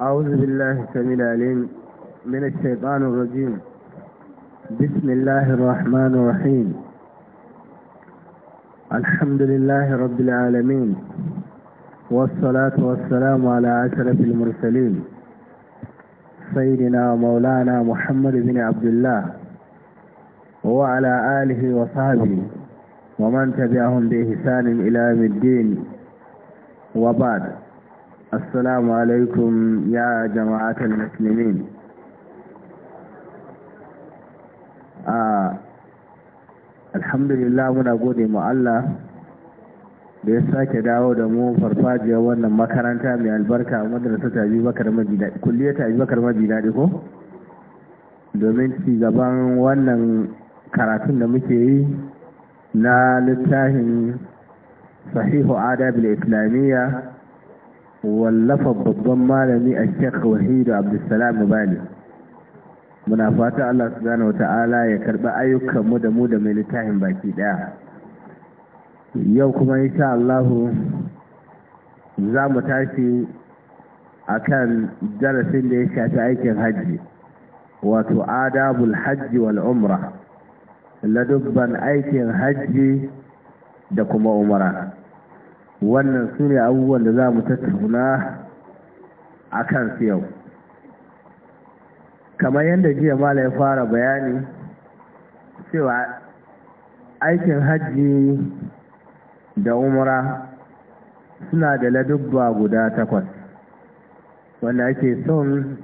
أعوذ بالله السميع العليم من الشيطان الرجيم بسم الله الرحمن الرحيم الحمد لله رب العالمين والصلاة والسلام على أشرف المرسلين سيدنا مولانا محمد بن عبد الله وعلى آله وصحبه ومن تبعهم بإحسان إلى يوم الدين وبعد السلام ya يا جماعة المسلمين Alhamdulillah الحمد لله muna gode mu Allah da ya sake dawo da mu farfajiyar wannan makaranta mai albarka madrasa ta biyu bakar majidadi kulliyar ta biyu bakar majidadi ko domin ci gaban wannan karatun da muke yi na littafin sahihu adab al-islamiyya wallafa babban malami a shek wahidu abdulsalam bani muna fata allah gane wata'ala ya karɓi ayyukan mu da mu da mai littafin baki ɗaya yau kuma insha allahu za mu tashi a kan darasin da ya shafi aikin hajji wato adabul hajji wal umra ladubban aikin hajji da kuma umara wannan su ne abubuwan da za mu tattauna a kan yau kamar yadda jiya mala ya fara bayani cewa aikin hajji da umara suna da ladubba guda takwas wanda ake son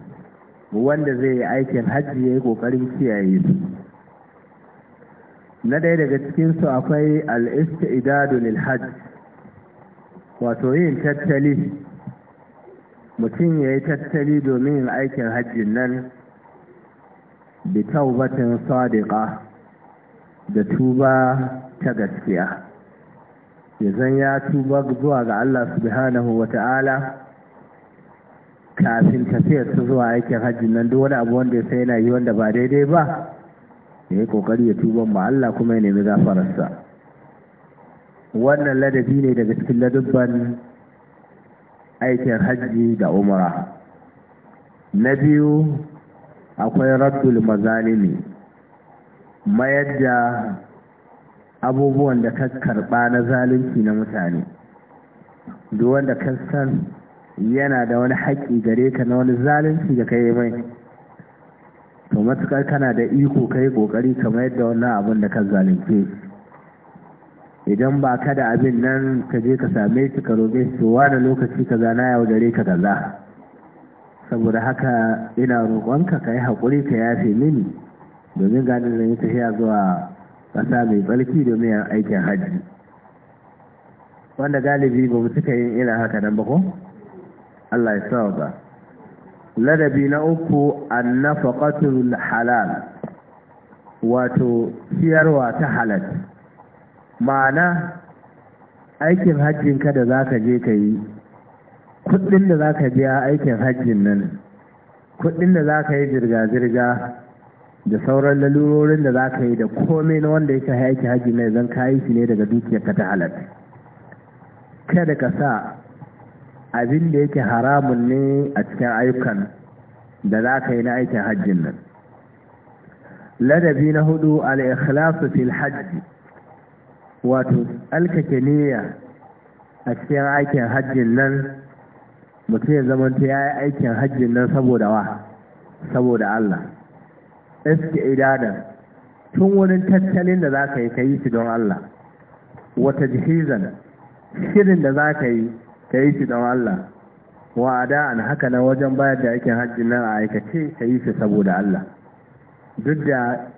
wanda zai yi aikin hajji ya yi kokarin kiyaye su na ɗaya daga cikinsu akwai al'ista idadu lil hajji wato yin tattali mutum ya yi tattali domin yin aikin hajjin nan bi taubatin sadiqa da tuba ta gaskiya zan ya tuba zuwa ga Allah subhanahu wa ta'ala kafin tafiyar su zuwa aikin hajjin nan duk wani abu wanda ya sai yana yi wanda ba daidai ba ya yi kokari ya tuba ma Allah kuma ya nemi gafararsa wannan ladabi ne daga cikin ladubban aikin hajji da umara na biyu akwai raddul mazalimi mayar da abubuwan da ka karɓa na zalunci na mutane duk wanda ka san yana da wani haƙƙi gare ka na wani zalunci da ka yi mai to matuƙar kana da iko ka yi ƙoƙari ka mayar da wannan abin da ka zalunce idan ba ka da abin nan ka je ka same shi ka roƙe shi wani lokaci zana yau gare ka kaza saboda haka ina roƙonka ka yi haƙuri ka yafe mini domin gani da yi tafiya zuwa ƙasa mai tsarki domin yin aikin hajji wanda galibi ba mu suka yin irin haka nan ba ko Allah ya sawa ba ladabi na uku annafaqatul halal wato siyarwa ta halal ma'ana aikin hajjinka da za ka je ka yi kudin da za ka biya aikin hajjin nan kudin da za ka yi zirga-zirga da sauran lalurorin da za ka yi da komai na wanda ya shahi aikin hajji mai zan kayi shi ne daga dukiyarka ta halatta kada ka sa abin da yake haramun ne a cikin ayyukan da za ka yi na aikin hajjin nan ladabi na hudu al-ikhlasu fil hajji wato alkake niyya a cikin aikin hajjin nan mutum ya zama ya yi aikin hajjin nan saboda wa saboda Allah iske idanar tun wurin tattalin da za ka yi ka yi shi don Allah wata jihizan shirin da za ka yi ka yi shi don Allah wa'ada an haka na wajen bayar da aikin hajjin nan a aikace ka yi shi saboda Allah duk da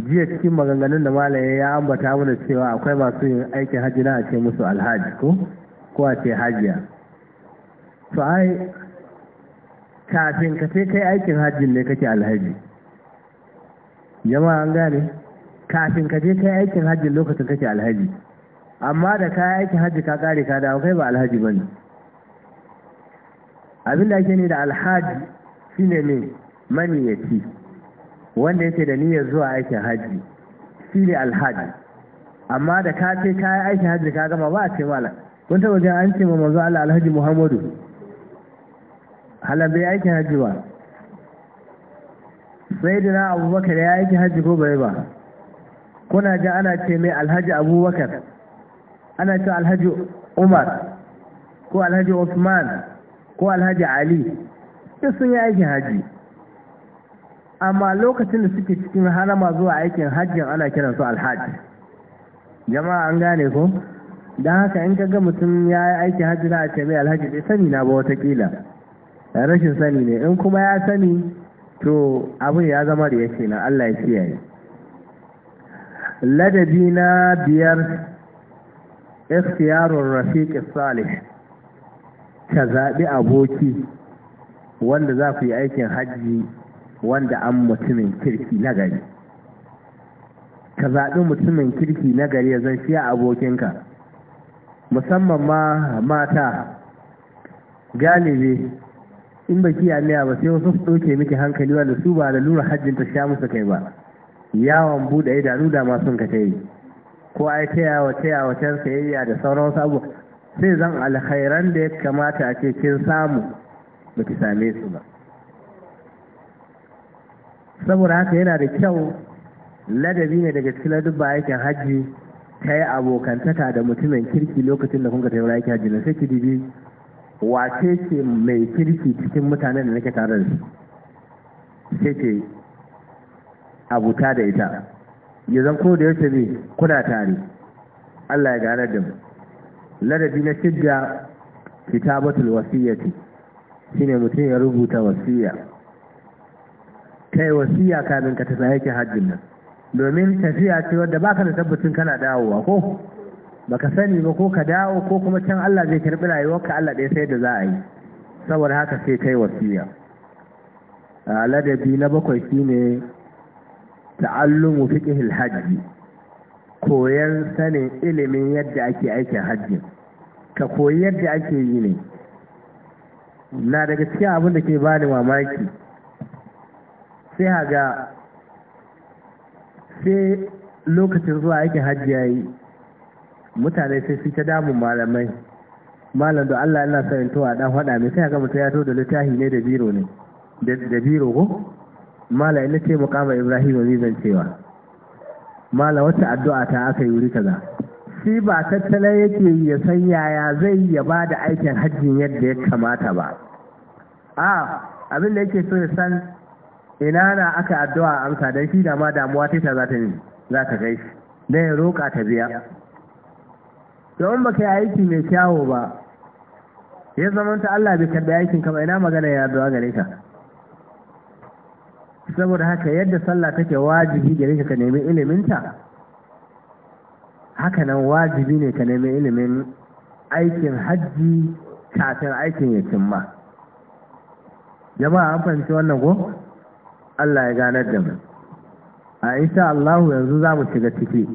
jiya cikin maganganun da malaye ya ambata mana cewa akwai masu yin aikin hajji na a ce musu alhaji ko ko a ce hajiya to ai kafin ka sai kai aikin hajjin ne kake alhaji jama'a an gane kafin ka je kai aikin hajjin lokacin kake alhaji amma da ka aikin hajji ka kare ka dawo kai ba alhaji ba abin da ake ne da alhaji shine ne maniyaci wanda yake da niyyar zuwa aikin hajji shi ne alhaji amma da ka ce ka yi aikin hajji ka gama ba a ce mala kun taɓa jin an ce ma manzo Allah alhaji Muhammadu halabe bai aikin hajji ba sai da na abubakar ya aikin hajji ko bai ba kuna ji ana ce mai alhaji abubakar ana ce alhaji umar ko alhaji usman ko alhaji ali duk sun yi aikin hajji amma lokacin da suke cikin harama zuwa aikin hajjin ana kiran su alhaji jama'a an gane ko don haka in ga mutum ya yi aikin hajji na a ce mai alhaji bai sani na ba watakila rashin sani ne in kuma ya sani to abin ya zama da yake na allah ya kiyaye ladabi na biyar ikhtiyarun rafiq salih ka zaɓi aboki wanda za ku yi aikin hajji wanda an mutumin kirki na gari ka zaɓi mutumin kirki na gari ya zan abokinka musamman ma mata galibi in ba kiyamiya ba sai wasu su ɗauke miki hankali wanda su ba da lura hajjin ta sha musu kai ba yawon buɗe idanu da masu ka ta yi ko ai ta yawa ta yawa can sayayya da sauran wasu abu sai zan alkhairan da ya kamata a ce kin samu ba ki same su ba saboda haka yana da kyau ladabi ne daga cikin ladubba aikin hajji ta yi abokantaka da mutumin kirki lokacin da kun ka taimura aikin hajji na sai ki wace ce mai kirki cikin mutanen da nake tare da su sai ce abuta da ita ya zan ko da yace ne kuna tare Allah ya gane da mu ladabi na shidda kitabatul wasiyyati shine mutum ya rubuta wasiyya kai wasiya kamin ka tafi aikin hajjin nan domin tafiya ce wadda baka da tabbacin kana dawowa ko ba ka sani ba ko ka dawo ko kuma can Allah zai karbi ka Allah ɗaya sai da za a yi saboda haka sai kai wasiya ladabi na bakwai shine ta'allumu fiqhil hajji koyan sanin ilimin yadda ake aikin hajji ka koyi yadda ake yi ne na daga cikin abin da ke bani mamaki sai haga sai lokacin zuwa yake hajji ya yi mutane sai su ta damun malamai malam da Allah yana sa towa dan hada mai sai ga mutum ya to da littafi ne da biro ne da biro ko malam ina ce muqama ibrahim wani zan cewa malam wata addu'a ta aka yi wuri kaza shi ba tattala yake yi ya san yaya zai ya ba da aikin hajjin yadda ya kamata ba a abin da yake so ya san ina na aka addu'a a amsa don shi da ma damuwa ta za ta za ta kai shi don ya roƙa ta biya don ba ka yi aiki mai kyawo ba ya zama ta Allah bai karɓi aikin kama. ina magana ya addu'a gare ka saboda haka yadda sallah take wajibi gare ka ka nemi iliminta haka nan wajibi ne ka nemi ilimin aikin hajji kafin aikin ya cimma jama'a an fahimci wannan ko Allah ya ganar da mu a insha Allah yanzu za mu shiga ciki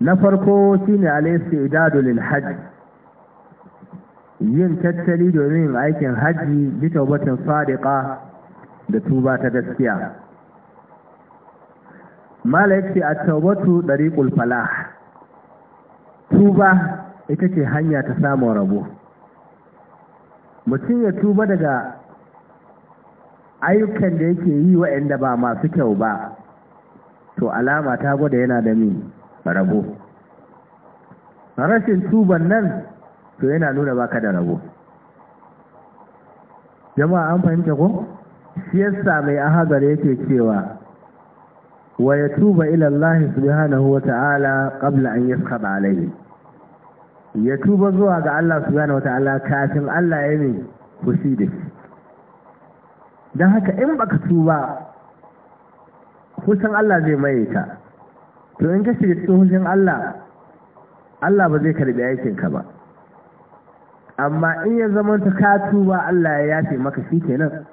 na farko shi ne alaisu idadu lil hajji. yin tattali domin aikin hajji bi tawbatin sadiqa da tuba ta gaskiya malaiki a tawbatu dariqul falah tuba ita ce hanya ta samun rabo mutum ya tuba daga ayyukan da yake yi waɗanda ba masu kyau ba to alama ta gwada yana da min rabo rashin tuban nan to yana nuna baka da rabo jama'a an fahimta ko shi yasa mai ahagar yake cewa wa yatuba ila Allah subhanahu ta'ala qabla an yaskhaba alayhi ya tuba zuwa ga Allah subhanahu ta'ala kafin Allah ya yi fushi da shi don haka in baka tuba hushin Allah zai maye ta to in ka shiga cikin hushin Allah Allah ba zai karbi aikinka ba amma in ya zamanta ka tuba Allah ya yafe maka shi kenan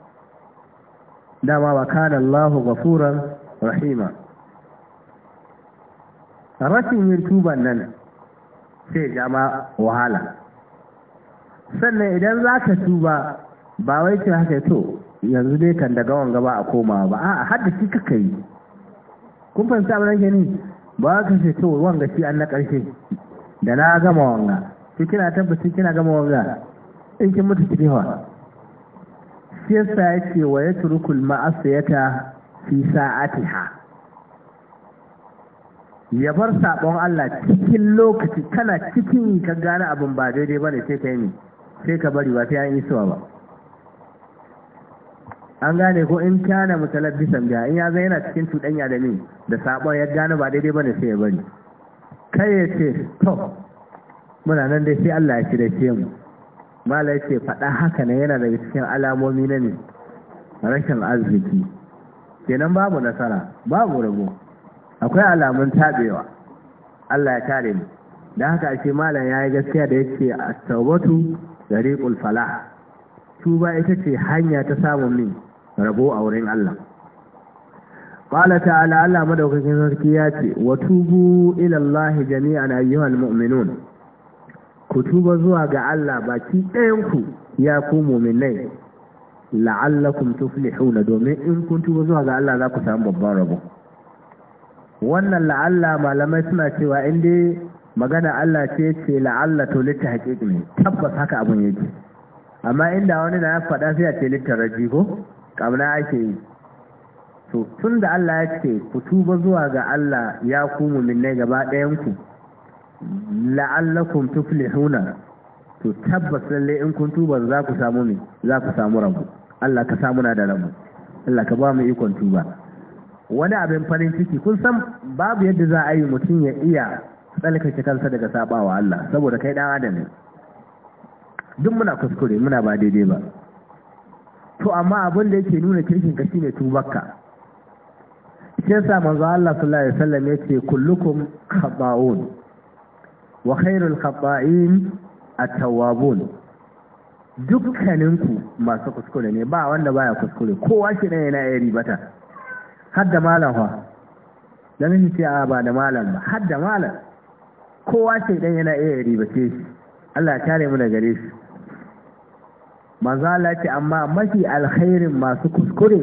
dama ba kana Allah ghafuran rahima rashin yin tuban nan sai ya ma wahala sannan idan za ka tuba ba wai ce haka to yanzu dai kan daga wanga ba a koma ba a haddaki kaka yi kun fahimta abin da ni ba ka ce to wanga shi an na karshe da na gama wanga shi kina tabbacin kina gama wanga in kin mutu kike hawa shi ya ce wa ya yatrukul ma'asiyata fi ha ya bar sabon Allah cikin lokaci kana cikin ka gane abin ba daidai ne sai ka yi sai ka bari ba sai an yi suwa ba an gane ko in kana bisan biya in ya zai yana cikin cuɗanya da ni da sabon ya gane ba daidai bane sai ya bari kai ya ce to muna nan dai sai Allah ya ci da ce mu mala ya ce faɗa haka na yana daga cikin alamomi na ne rashin arziki kenan babu nasara babu rabo akwai alamun tabewa Allah ya kare mu da haka ce malam ya yi gaskiya da yake a da riƙul falah tuba ita ce hanya ta samun min rabo a wurin Allah ta ala Allah madaukakin sarki ya ce wa tubu ila Allah jami'an ayyuhal mu'minun ku tuba zuwa ga Allah baki ɗayan ku ya ku mu'minai la'allakum tuflihuna domin in kun tuba zuwa ga Allah za ku samu babban rabo wannan la'alla malamai suna cewa in magana Allah ce ce la'alla to litta haƙiƙi ne tabbas haka abin yake amma inda wani na ya faɗa sai a ce litta ko ƙabla ake yi to tun da Allah ya ce ku tuba zuwa ga Allah ya ku muminai gaba ɗayanku la'allakum tuflihuna to tabbas lalle in kun tuba za ku samu ne za ku samu rabu Allah ka samu na da rabu Allah ka ba mu ikon tuba wani abin farin ciki kun san babu yadda za a yi mutum ya iya tsalkace kansa daga sabawa Allah saboda kai dan adam ne duk muna kuskure muna ba daidai ba to amma abin da yake nuna kirkin ka shine tubarka shi yasa manzo Allah sallallahu alaihi wasallam yace kullukum khabaun wa khairul khata'in at-tawwabun dukkaninku masu kuskure ne ba wanda baya kuskure kowa shi ne yana yari bata har da malam fa dan shi a ba da malam ba har da malam kowa shi dan yana yari bace shi Allah ya kare mu daga gare shi manzala ce amma mafi alkhairin masu kuskure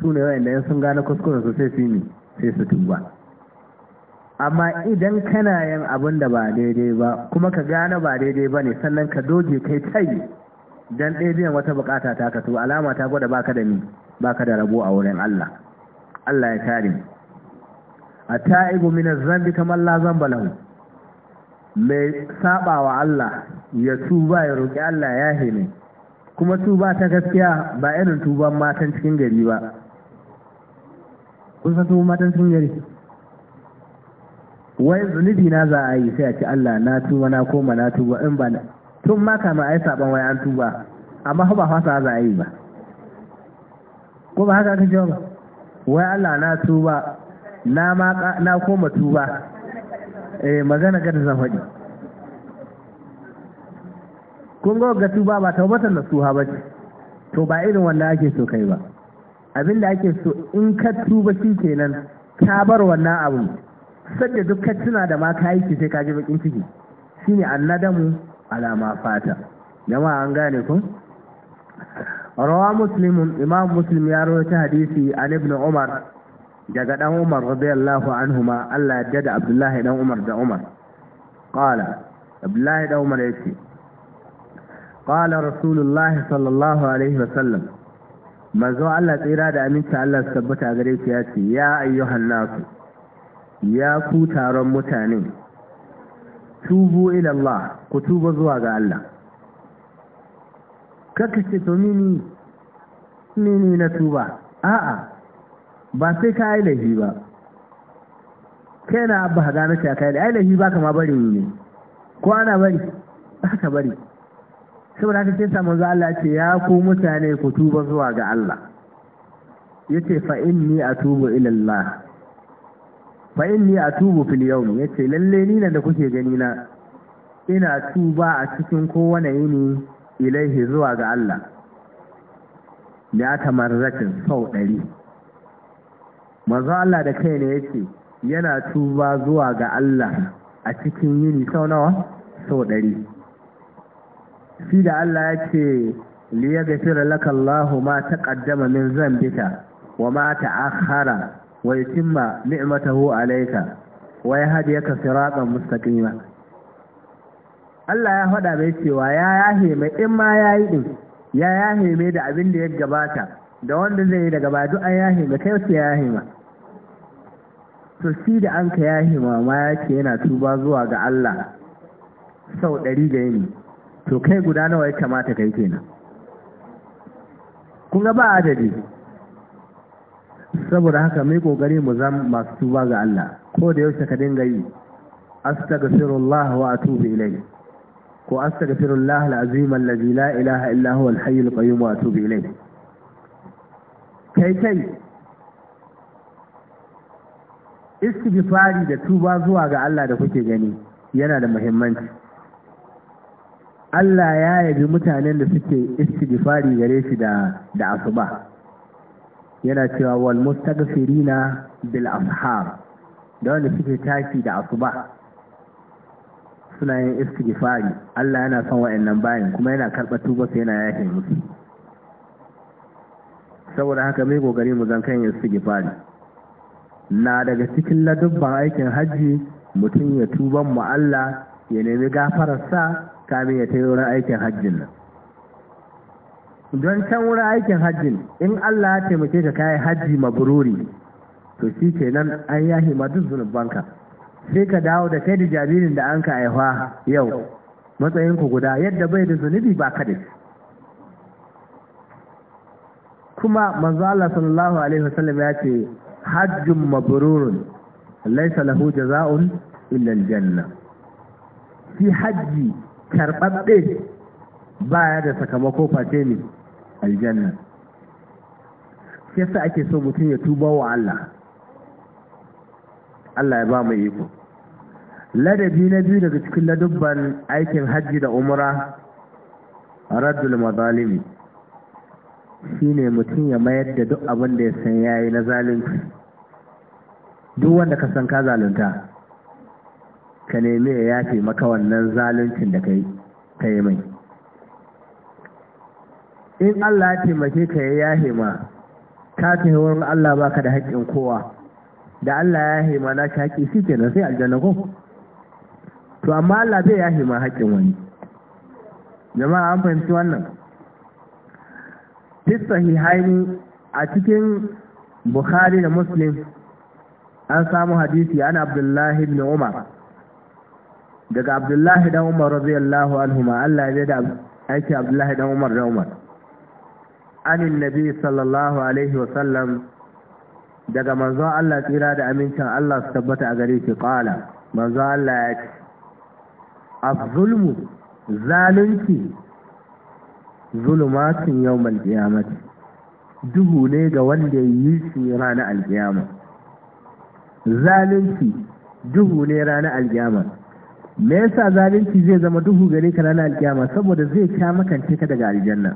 su ne yin sun gane kuskure su sai su yi sai su tuba amma idan kana yin abin da ba daidai ba kuma ka gane ba daidai ba ne sannan ka doge kai tai dan ɗaya wata bukata ta ka alama ta gwada baka da ni baka da rabo a wurin Allah Allah ya kare A taibu min az-zambi kamar la zamba lahu mai sabawa Allah ya tuba ya roki Allah ya hime kuma tuba ta gaskiya ba irin tuban matan cikin gari ba kun san tuban matan cikin gari wai zunubi na za a yi sai a ci Allah na tuba na koma na tuba in ba tun ma kama a yi saban wai an tuba amma ba fasa za a yi ba ko ba haka aka ce ba wai Allah na tuba na koma tuba eh magana ga da zan faɗi kun ga ga tuba ba taubatar nasuha ba ce to ba irin wanda ake so kai ba abin da ake so in ka tuba shi kenan ka bar wannan abu sadda duk ka tuna da ma ka yi sai ka ji bakin ciki shine annadamu alama fata jama'a an gane ku rawa muslimun imam muslim ya rawaita hadisi an ibn umar daga dan umar radiyallahu anhuma Allah ya da abdullahi dan umar da umar qala abdullahi dan umar yace qala rasulullahi sallallahu alaihi wasallam manzo Allah tsira da aminci Allah su tabbata gare shi ya ce ya ayyuhan nasu ya ku taron mutane tubu ila ku tuba zuwa ga Allah kaka ce to mini mini na tuba a'a ba sai ka yi laifi ba kai abba ga na ta kai laifi ba kama bari ne ko ana bari ba bari saboda haka kisa manzo Allah ce ya ku mutane ku tuba zuwa ga Allah yace fa inni atubu ila Allah fa inni atubu fil yawm yace lalle ni da kuke gani na ina tuba a cikin kowane yini ilaihi zuwa ga Allah ya tamarratin sau ɗari manzo Allah da kai ne yace yana tuba zuwa ga Allah a cikin yini sau nawa sau ɗari shi da Allah ya ce liya gafira laka Allahu ma ta taqaddama min zan bita wa ma akhara wa yutimma ni'matahu alayka wa yahdiyaka siratan mustaqima Allah ya faɗa mai cewa ya yahe mai in ma ya yi din ya yahe mai da abin da ya gabata da wanda zai yi daga baju an yahe mai kai wasu ya yahe ma to shi da an ka yahe ma ma ya ce yana tuba zuwa ga Allah sau ɗari da yini to kai guda nawa ya kamata kai kenan kun ga ba adadi saboda haka mai kokari mu zama masu tuba ga Allah ko da yaushe ka dinga yi astaghfirullah wa atubu ilayhi ko astaghfirullah alazim alladhi la ilaha illa huwa alhayy alqayyum wa atubu ilayhi kai kai istighfari da tuba zuwa ga Allah da kuke gani yana da muhimmanci Allah ya yabi mutanen da suke istighfari gare shi da da asuba yana cewa wal mustaghfirina bil ashar da wanda suke tashi da asuba suna yin istighfari Allah yana son wa'annan bayin kuma yana karɓa tuba sai yana yafe musu saboda haka mai kokari mu zan kan istighfari na daga cikin ladubban aikin hajji mutum ya tuban mu Allah ya nemi gafararsa kamin ya ta yi wurin aikin hajjin nan don can wurin aikin hajjin in Allah ya taimake ka kayi hajji mabruri to shi ke nan an yahi ma duk zunubanka sai ka dawo da kai da jaririn da an ka aihuwa yau matsayin ku guda yadda bai da zunubi ba ka kuma manzo Allah sallallahu alaihi wasallam ya ce hajjun mabrurun laysa lahu jaza'un illa aljanna fi hajji karɓaɓɓe ya da sakamako face ne aljanna shi yasa ake so mutum ya tuba wa Allah Allah ya ba mu iko ladabi na biyu daga cikin ladubban aikin hajji da umra raddul mazalimi shine mutum ya mayar da duk abin da ya san yayi na zalunci duk wanda ka san ka zalunta ka nemi ya yafe maka wannan zaluncin da kai ka yi mai in Allah ya taimake ka ya yafe ma ka tafi wurin Allah ba ka da haƙƙin kowa da Allah ya yafe ma na ka haƙƙi shi kenan sai aljanna ko to amma Allah zai yafe ma haƙƙin wani jama'a an fahimci wannan fi haini a cikin Bukhari da Muslim an samu hadisi an Abdullahi ibn Umar daga abdullahi dan umar radiyallahu anhuma Allah ya da aiki abdullahi dan umar da umar anin nabi sallallahu alaihi wa sallam daga manzo Allah tsira da amincin Allah su tabbata a gare shi qala manzo Allah ya ce az-zulmu zalunci zulumatun yawmal qiyamati duhu ne ga wanda yi shi ranar alkiyama zalunci duhu ne ranar alkiyama me yasa zalunci zai zama duhu gare ka ranar alkiyama saboda zai sha makance ka daga aljanna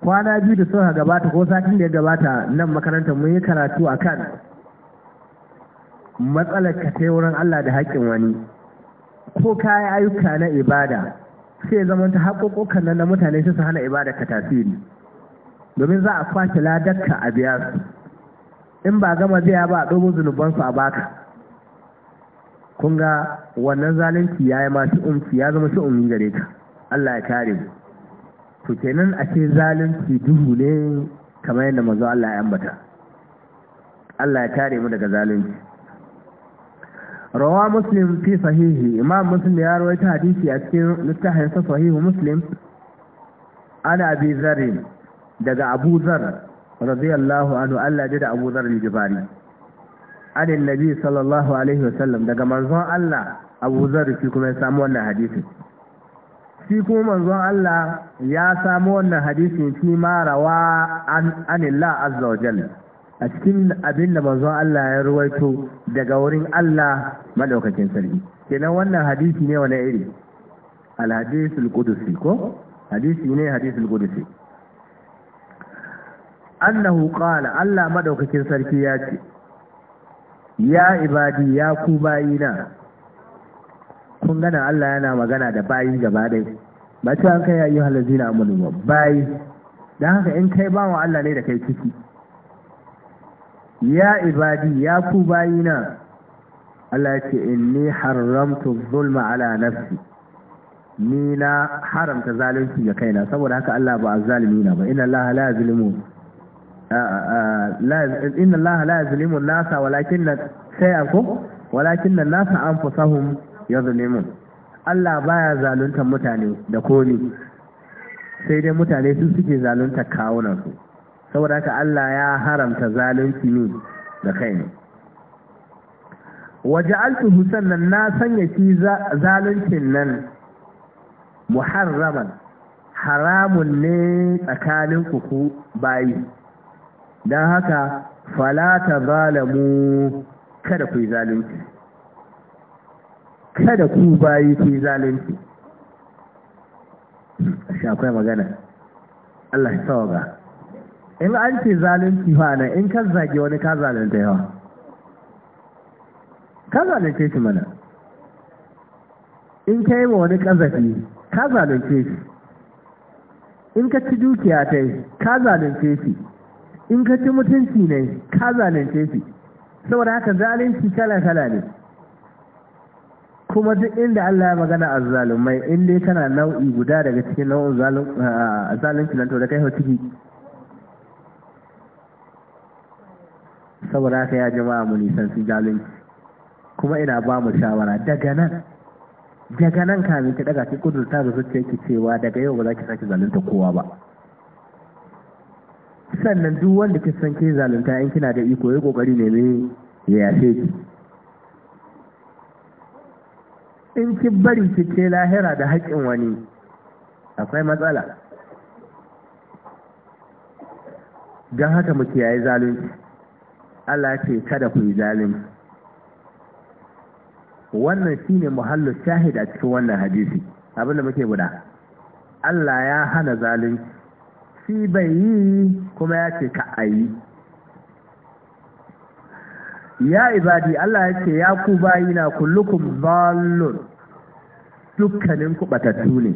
kwana biyu da suka gabata ko satin da ya gabata nan makaranta mun yi karatu a kan matsalar ka ta wurin Allah da haƙƙin wani ko kayan ayyuka na ibada sai zama ta nan na mutane su hana ibada ka tasiri domin za a kwace ladarka a biya su in ba gama zai ba a ɗobo zunubansu a baka kun ga wannan zalunci ya yi masu umci ya zama shi'umi gare ka Allah ya kare mu to kenan a ce zalunci duhu ne kamar yadda mazo Allah ya ambata Allah ya kare mu daga zalunci rawa muslim fi sahihi imam muslim ya rawaita hadisi a cikin littafin sa sahihu muslim ana abi zarin daga abu zarr radiyallahu anhu Allah ji da Abu Dharr al-Ghifari anin nabi sallallahu alaihi wasallam daga manzon Allah Abu Dharr shi kuma ya samu wannan hadisi shi kuma manzon Allah ya samu wannan hadisin shi ma rawa an anillah azza wa jalla a cikin abin da manzon Allah ya ruwaito daga wurin Allah madaukakin sarki kenan wannan hadisi ne wani iri al hadisul qudusi ko hadisi ne hadisul qudusi annahu qala Allah madaukakin sarki ya ce ya ibadi ya ku bayina kun gana Allah yana magana da bayi gaba dai ba ta an kai yayi halazina amanu ba bayi dan haka in kai bawa Allah ne da kai ciki ya ibadi ya ku bayina Allah ce inni haramtu zulma ala nafsi ni na haramta zalunci ga kaina saboda haka Allah ba azzalimi na ba inna Allah la yazlimu inna Allah la yazlimu an-nasa walakin shay'akum walakin an-nasa anfusahum yazlimun Allah baya zaluntar mutane da komi sai dai mutane su suke zaluntar kawunan su saboda haka Allah ya haramta zalunci ne da kai ne waja'altuhu sannan na sanya shi zaluncin nan muharraman haramun ne tsakaninku ku bayi don haka falata zalamu kada ku yi zalunci kada ku bayi ku yi zalunci shakwai magana Allah ya tawaga in an ce zalunci fana in ka zage wani ka zalunta yawa ka zalunce shi mana in ka yi ma wani ƙazafi ka zalunce shi in ka ci dukiya ta yi ka zalunce shi in ka ci mutunci ne ka zalunce shi saboda haka zalunci kala-kala ne kuma duk inda Allah ya magana a zalumai in dai kana nau'i guda daga cikin nau'in zalunci nan to da kai hau ciki saboda haka ya jama'a mu nisan su zalunci kuma ina ba mu shawara daga nan daga nan kamin ki daga ki kudurta da zuciya ki cewa daga yau ba za ki sake zalunta kowa ba sannan duk wanda kin san ke zalunta in kina da iko yayi kokari ne ne ya ki in ki bari ki ce lahira da haƙƙin wani akwai matsala don haka mu kiyaye zalunci Allah ce kada ku yi zalunci wannan shine muhallu shahid a cikin wannan hadisi abinda muke guda Allah ya hana zalunci shi bai yi kuma ya ce ka a yi ya ibadi Allah ya ce ya ku bayi na kullukun zallun dukkanin kubatattu ne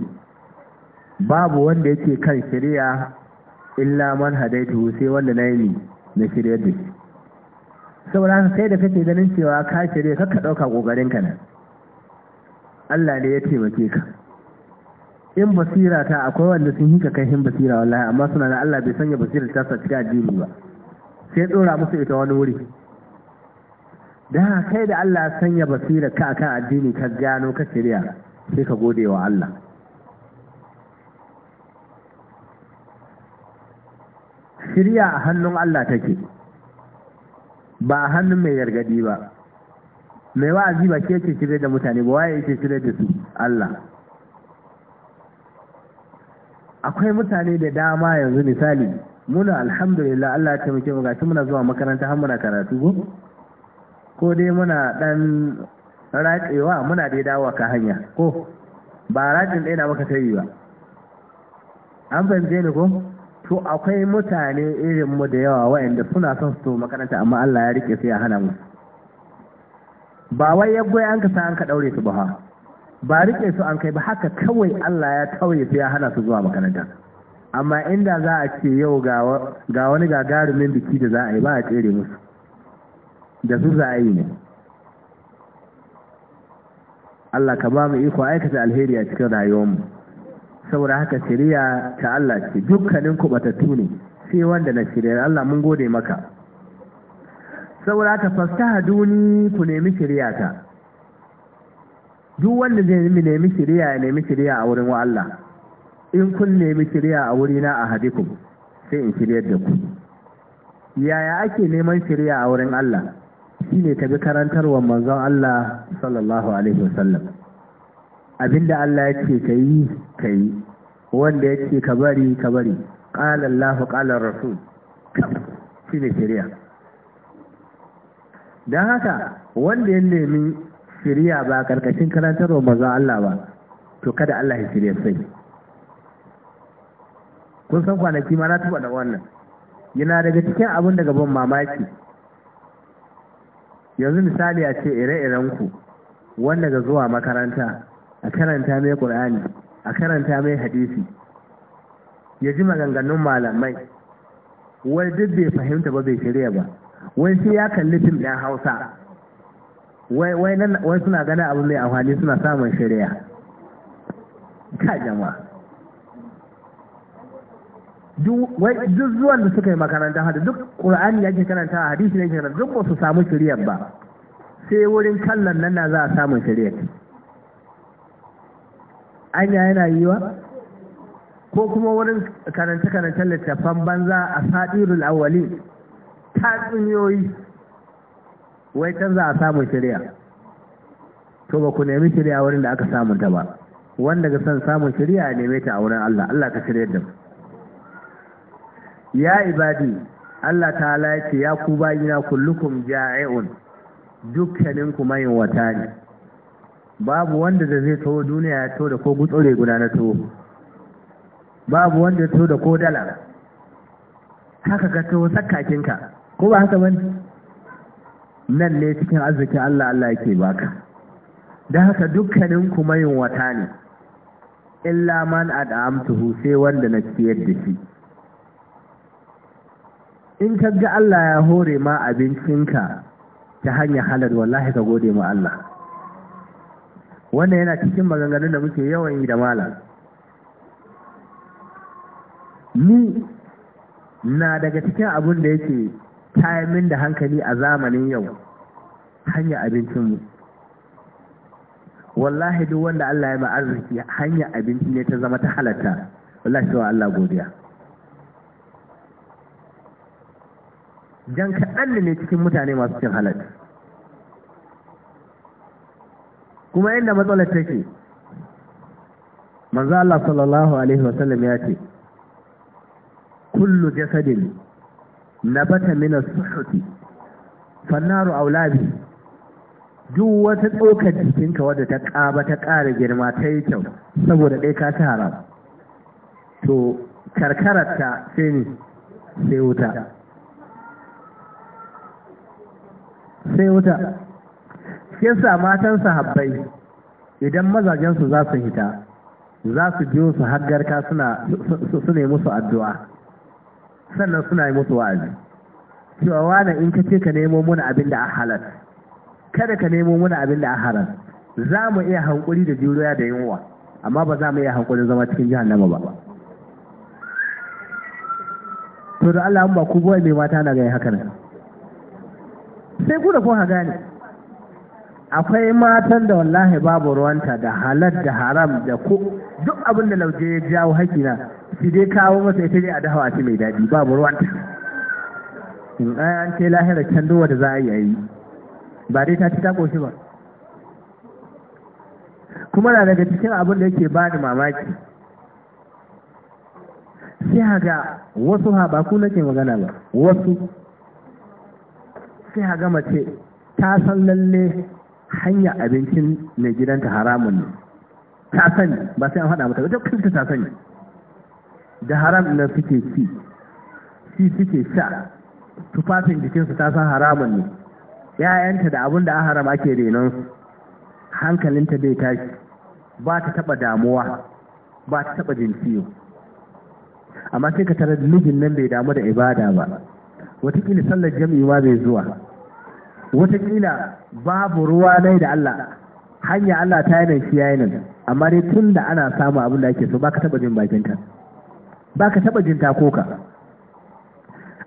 babu wanda yake kan shirya illa man hadaitu sai wanda na yi na shirya da shi saboda sai da kake ganin cewa ka shirya kakka ɗauka ka na Allah ne ya taimake ka in basira ta akwai wanda sun hika kai hin basira wallahi amma suna da Allah bai sanya basira ta sa cikin addini ba sai dora musu ita wani wuri da kai da Allah sanya basira ka akan addini ka gano ka shirya sai ka gode wa Allah shirya a hannun Allah take ba a hannun mai yargadi ba mai wa'azi ba ke ce shirya da mutane ba waye yake shirya da su Allah akwai mutane da dama yanzu misali muna alhamdulillah Allah ya taimake mu gashi muna zuwa makaranta har muna karatu go ko dai muna dan raƙewa muna dai dawowa ka hanya ko ba raƙin ɗaya na maka tayi ba an fahimce ni ko to akwai mutane irin mu da yawa waɗanda suna son su makaranta amma Allah ya rike sai ya hana mu ba wai yaggo an ka sa an ka daure su ba ba rike su an kai ba haka kawai Allah ya kawai ya hana su zuwa makaranta amma inda za a ce yau ga wani gagarumin biki da za a yi ba a tsere musu da su za a yi ne Allah ka ba mu iko aikata alheri a cikin rayuwarmu saboda haka shirya ta Allah ce dukkanin kubatattu ne sai wanda na shirya Allah mun gode maka saboda ta fasaha duni ku nemi shirya ta duk wanda zai nemi nemi shiriya ya nemi shiriya a wurin wa Allah in kun nemi shiriya a wurina a hadikum sai in shiryar da ku yaya ake neman shiriya a wurin Allah shi ne tabi karantarwar manzon Allah sallallahu alaihi wasallam abinda Allah ya ce ka yi ka yi wanda ya ce ka bari ka bari lafi Allahu rasu shi ne shiriya don haka wanda ya nemi shirya ba karantar karantarwa maza Allah ba to kada Allah ya shirya sai kun san kwanaki ma na taba da wannan yana daga cikin abin da gaban mamaki yanzu misali a ce ire-iren ku wanda ga zuwa makaranta a karanta mai ƙur'ani a karanta mai hadisi ya ji maganganun malamai wai duk bai fahimta ba bai shirya ba wai sai ya kalli fim ɗin hausa wai suna gana abu mai amfani suna samun shari'a ka jama'a duk zuwan da suka yi makaranta hada duk ya ke karanta a hadisi ke karanta duk ba su samu shari'ar ba sai wurin kallon nan na za a samun an ya yana yi wa ko kuma wurin karanta-karantar littattafan banza a sadirul ta tatsuniyoyi wai can za a samun shirya to ba ku nemi shirya wurin da aka samun ta ba wanda ga san samun shirya ya neme ta a wurin Allah Allah ka shirya da ya ibadi Allah Ta ya ce ya ku bayina kullukum ja'i'un dukkanin ku mai wata ne babu wanda da zai tawo duniya ya taho da ko gutsore guda na tawo babu wanda ya tawo da ko dala haka ka tawo sakkakinka ko ba haka bane nan ne cikin arzikin Allah Allah yake baka da haka dukkanin kuma yin wata ne illa man ad'amtuhu sai wanda na ciyar da shi in ka ga Allah ya hore ma abincinka ta hanyar halar wallahi ka gode ma Allah wannan yana cikin maganganun da muke yawan yi da malam ni na daga cikin abin da yake tayar min da hankali a zamanin yau hanya abincinmu wallahi duk wanda Allah ya ba arziki hanya abinci ne ta zama ta halatta wallahi wa Allah godiya jan kaɗan ne cikin mutane masu cin halatta kuma inda matsalar take manzo Allah sallallahu alaihi wasallam ya ce kullu jasadin nabata min as-suhuti fannaru aulabi duk wata tsokar jikinka wadda ta ƙaba ta ƙara girma ta yi kyau saboda ɗai ka ci haram to karkararta sai ne sai wuta sai wuta yasa matan sahabbai idan mazajensu za su hita za su biyo su haggarka suna su ne musu addu'a sannan suna yi musu wa'azi cewa wane in ka ce ka nemo muna abin da a halar kada ka nemo muna abin da a halar za mu iya hankuri da juriya da yunwa amma ba za mu iya hankulin zama cikin nama ba to da Allah ba ku buwai mai mata na gani haka nan sai ku da kun haga ne akwai matan da wallahi babu ruwanta da halar da haram da ku duk abin da lauje ya jawo haƙina na shi dai kawo masa ita ne a dahawa ce mai daɗi babu ruwanta in an ce lahirar can duwa da za a yi a yi ba dai ta ci ta ƙoshi ba kuma na daga cikin abin da yake ba da mamaki sai haga wasu ha ba ku nake magana ba wasu sai haga mace ta san lalle hanya abincin mai gidanta haramun ne ta sani ba sai an haɗa mata ba duk ta sani da haram na suke ci shi suke sha tufafin jikinsu ta san haramun ne ‘ya'yanta da abin da a haram ake renonsu hankalinta bai tashi ba ta taɓa damuwa ba ta taɓa jin ciwo amma sai ka tara lugin nan bai damu da ibada ba watakila sallar jami'i ma bai zuwa watakila babu ruwa nai da Allah hanya Allah ta yi nan shi yayin nan amma dai tun da ana samu abin da ake so ba ka taɓa jin bakinta ba ka taɓa jin takoka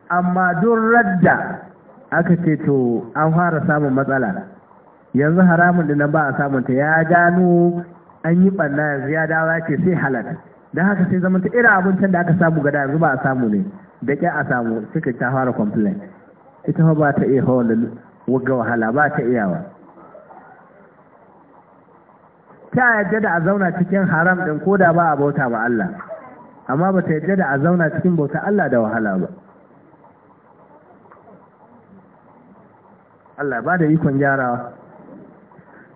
amma don radda aka ce to an fara samun matsala yanzu haramun da nan ba a samunta ya gano an yi ɓanna yanzu ya dawa ce sai halal don haka sai zamanta irin abincin da aka samu gada yanzu ba a samu ne da ƙi a samu suka ta fara complain ita ba ta iya hawa da wagga wahala ba ta iyawa ta yadda da a zauna cikin haram ɗin ko da ba a bauta ba Allah amma ba ta yadda da a zauna cikin bauta Allah da wahala ba Allah ba da ikon gyarawa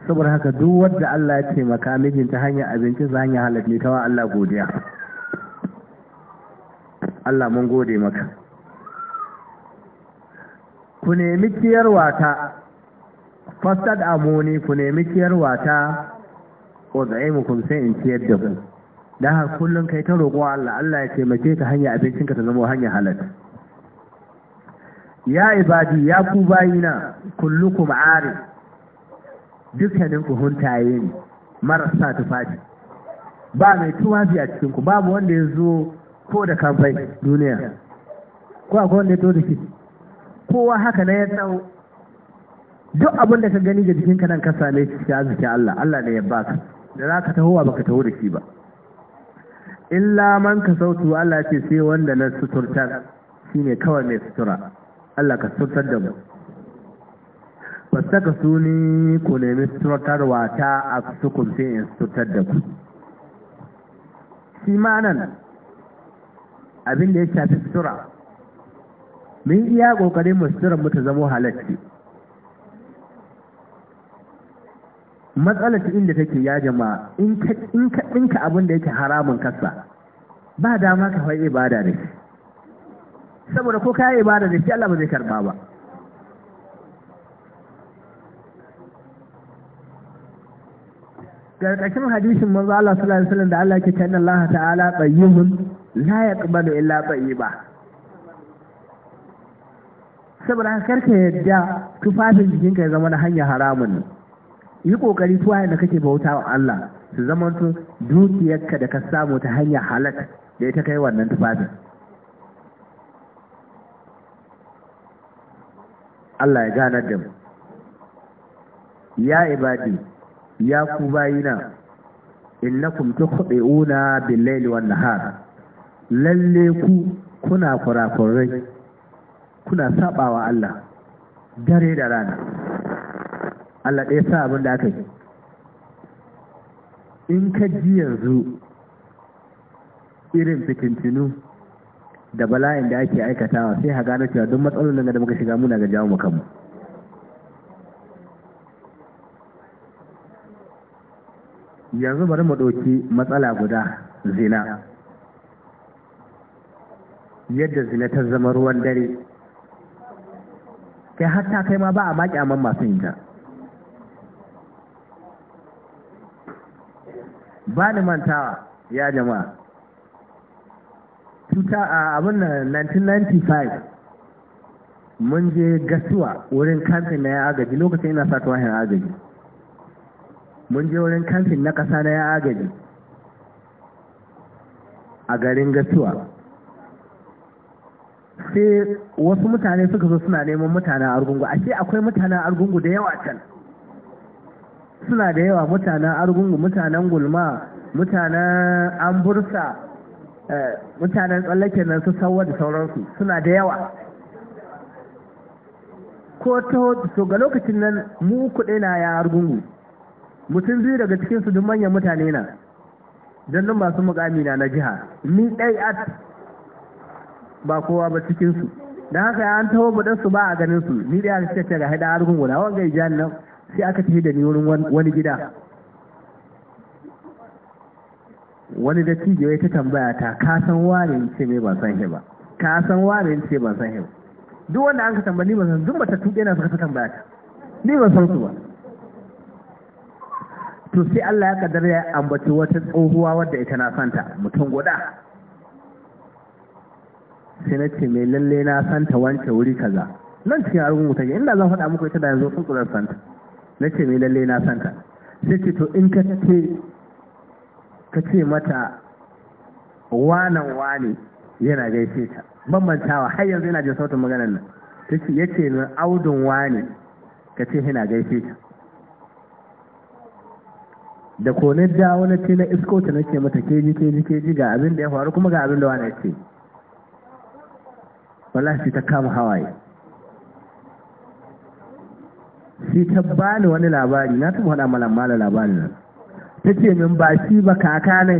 saboda haka duk wadda Allah ya taimaka mijin ta hanyar abinci za hanyar halatta ta wa Allah godiya Allah mun gode maka ku nemi ciyarwa ta fastad amoni ku nemi ciyarwa ta wa za'imukum sai in ciyar da ku da haka kullum kai ta roƙo Allah Allah ya taimake ka hanya abincinka ta zama hanya halal ya ibadi ya ku bayina kullukum ari dukkanin ku huntaye ne marasa tufafi ba mai tuwafi a cikin ku babu wanda ya zo ko da kamfai duniya ko akwai wanda ya zo da shi kowa haka na ya tsawo duk abin da ka gani ga jikinka nan ka same shi ya zuci Allah Allah ne ya baka da za ka taho ba ka taho da shi ba illa man ka sautu Allah ce sai wanda na suturtar shi ne kawai mai sutura Allah ka suturtar da mu fasta ka su ni ku nemi suturtarwa ta a sukun sai in suturtar da ku shi ma nan abin da ya shafi sutura mun iya ƙoƙarin mu sutura mu ta zamo halacci matsalar ta inda take ya jama'a in ka ɗinka abin da yake haramun kasa ba dama ka fai ibada da shi saboda ko ka yi ibada da shi Allah ba zai karba ba karkashin hadisin manzo Allah sallallahu alaihi wasallam da Allah yake cewa Allah ta'ala tayyibun la yaqbalu illa tayyiba saboda karka yadda tufafin jikinka ya zama na hanya haramun yi kokari tuwayen da kake bauta wa Allah su su dukiyarka da ka samu ta hanyar halak da ita kai wannan tufafin Allah ya gane da mu ya ibadi ya ku bayina innakum tukhbi'una bil-laili wan-nahar lalle ku kuna kurakurai kuna saɓawa Allah dare da rana Allah ɗaya sa abin da aka yi in ka ji yanzu irin fitintinu da bala'in da ake aikatawa sai ha na cewa don matsalolin da muka shiga muna ga jawo mu yanzu bari maɗoki matsala guda zina yadda zina ta zama ruwan dare kai hatta kai ma ba a maƙyaman masu yin ta ba ni mantawa ya jama'a tuta a abin nan 1995 mun je gasuwa wurin kantin na ya agaji lokacin ina sa tuwahin agaji mun je wurin kantin na ƙasa na ya agaji a garin gasuwa sai wasu mutane suka zo suna neman mutanen argungu ashe akwai mutanen argungu da yawa can suna da yawa mutanen argungu mutanen gulma mutanen ambursa eh, mutanen tsallake nan su sauwa da sauransu suna da yawa ko ta so ga lokacin nan mu kuɗi na ya argungu mutum biyu daga cikinsu duk manyan mutane na don nan masu mukami na na jiha ni ɗai at ba kowa ba cikinsu da haka ya an taho su ba a ganin su ni ɗaya a ce ga haɗa argungu na wanga ijan nan sai aka tafi da ni wurin wani gida wani dattijo ya ta tambaya ta kasan wane ce mai ban san shi ba wane ce ban san shi ba duk wanda an ka tambayi ban san zumba ta tuɗe na suka ta tambaya ta ni ban san su ba to sai Allah ya kaddara ya ambaci wata tsohuwa wadda ita na santa mutum guda sai na ce mai lalle na santa wance wuri kaza nan cikin argungu ke inda zan faɗa muku ita da yanzu kun tsoron santa na ce mai lalle na santa sai ce to in ka ce mata wanan wane yana gaishe ta bambantawa har yanzu yana jin sautin maganar nan ta ce ya ce min audun wane ka ce yana gaishe ta da konar dawo na ce na isko ta ce mata keji keji keji ga abin da ya faru kuma ga abin da wane ce wallahi ta kama hawaye sai ta bani wani labari na taba hada malamma mala labarin nan ta ce min ba shi ba kaka ne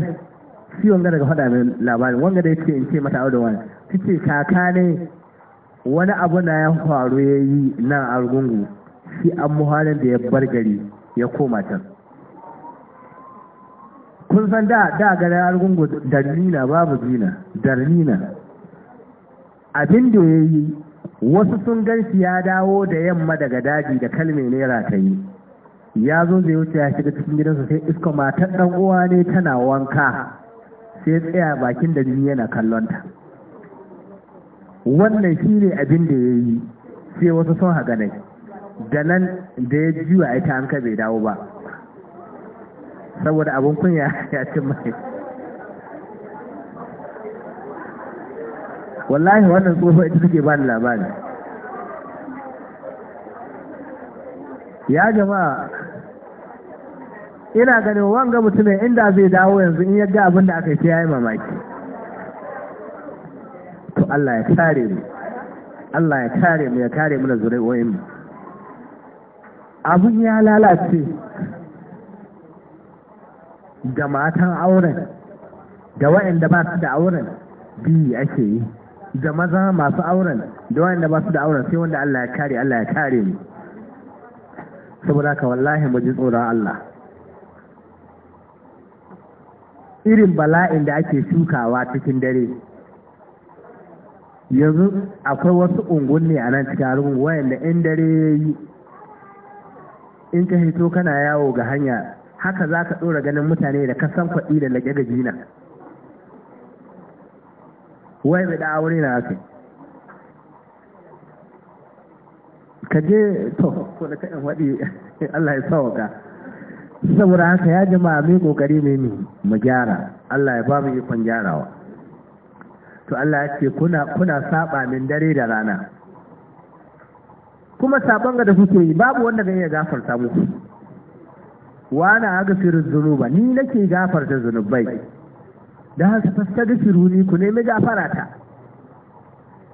shi wanga daga hada min labarin wanga da ce in ce mata auda wani ta ce kaka ne wani abu na ya faru ya yi nan a rugungu shi an muhalin da ya bar gari ya koma can kun san da da garin argungu darnina babu zina darnina abin da ya yi wasu sun gan ya dawo da yamma daga daji da kalme naira ta yi ya zo zai wuce ya shiga cikin gidansa sai iska matar ɗan uwa ne tana wanka sai tsaya bakin da jini yana kallonta wannan shi ne abin da ya yi sai wasu sun haga nai da nan da ya jiwa ita an ka bai dawo ba saboda abin kunya ya cin mai wallahi wannan tsofa ita suke ba da labari ya jama'a ina ganin wanga mutumin inda zai dawo yanzu in yadda abinda aka yi ya yi mamaki to Allah ya kare mu Allah ya kare mu ya kare mu da zuri'o'in mu abin ya lalace da matan auren da waɗanda ba su da auren biyu ake yi da maza masu auren da wanda ba su da auren sai wanda Allah ya kare Allah ya kare mu saboda ka wallahi mu ji tsoron Allah irin bala'in da ake shukawa cikin dare yanzu akwai wasu ungunni a nan cikin harin wayanda in dare ya yi in ka hito kana yawo ga hanya haka za ka tsora ganin mutane da kasan kwaɗi da laƙe ga jina wai bai da wuri na haka ka je to ko da kaɗan waɗi Allah ya sauka saboda haka ya jama'a mai kokari mai ne mu gyara Allah ya ba mu ikon gyarawa to Allah ya ce kuna kuna saba min dare da rana kuma saban ga da kuke yi babu wanda ga iya gafarta muku na aga firin zunuba ni nake gafarta zunubai da haka fastaghfiru shiruni ku nemi gafara ta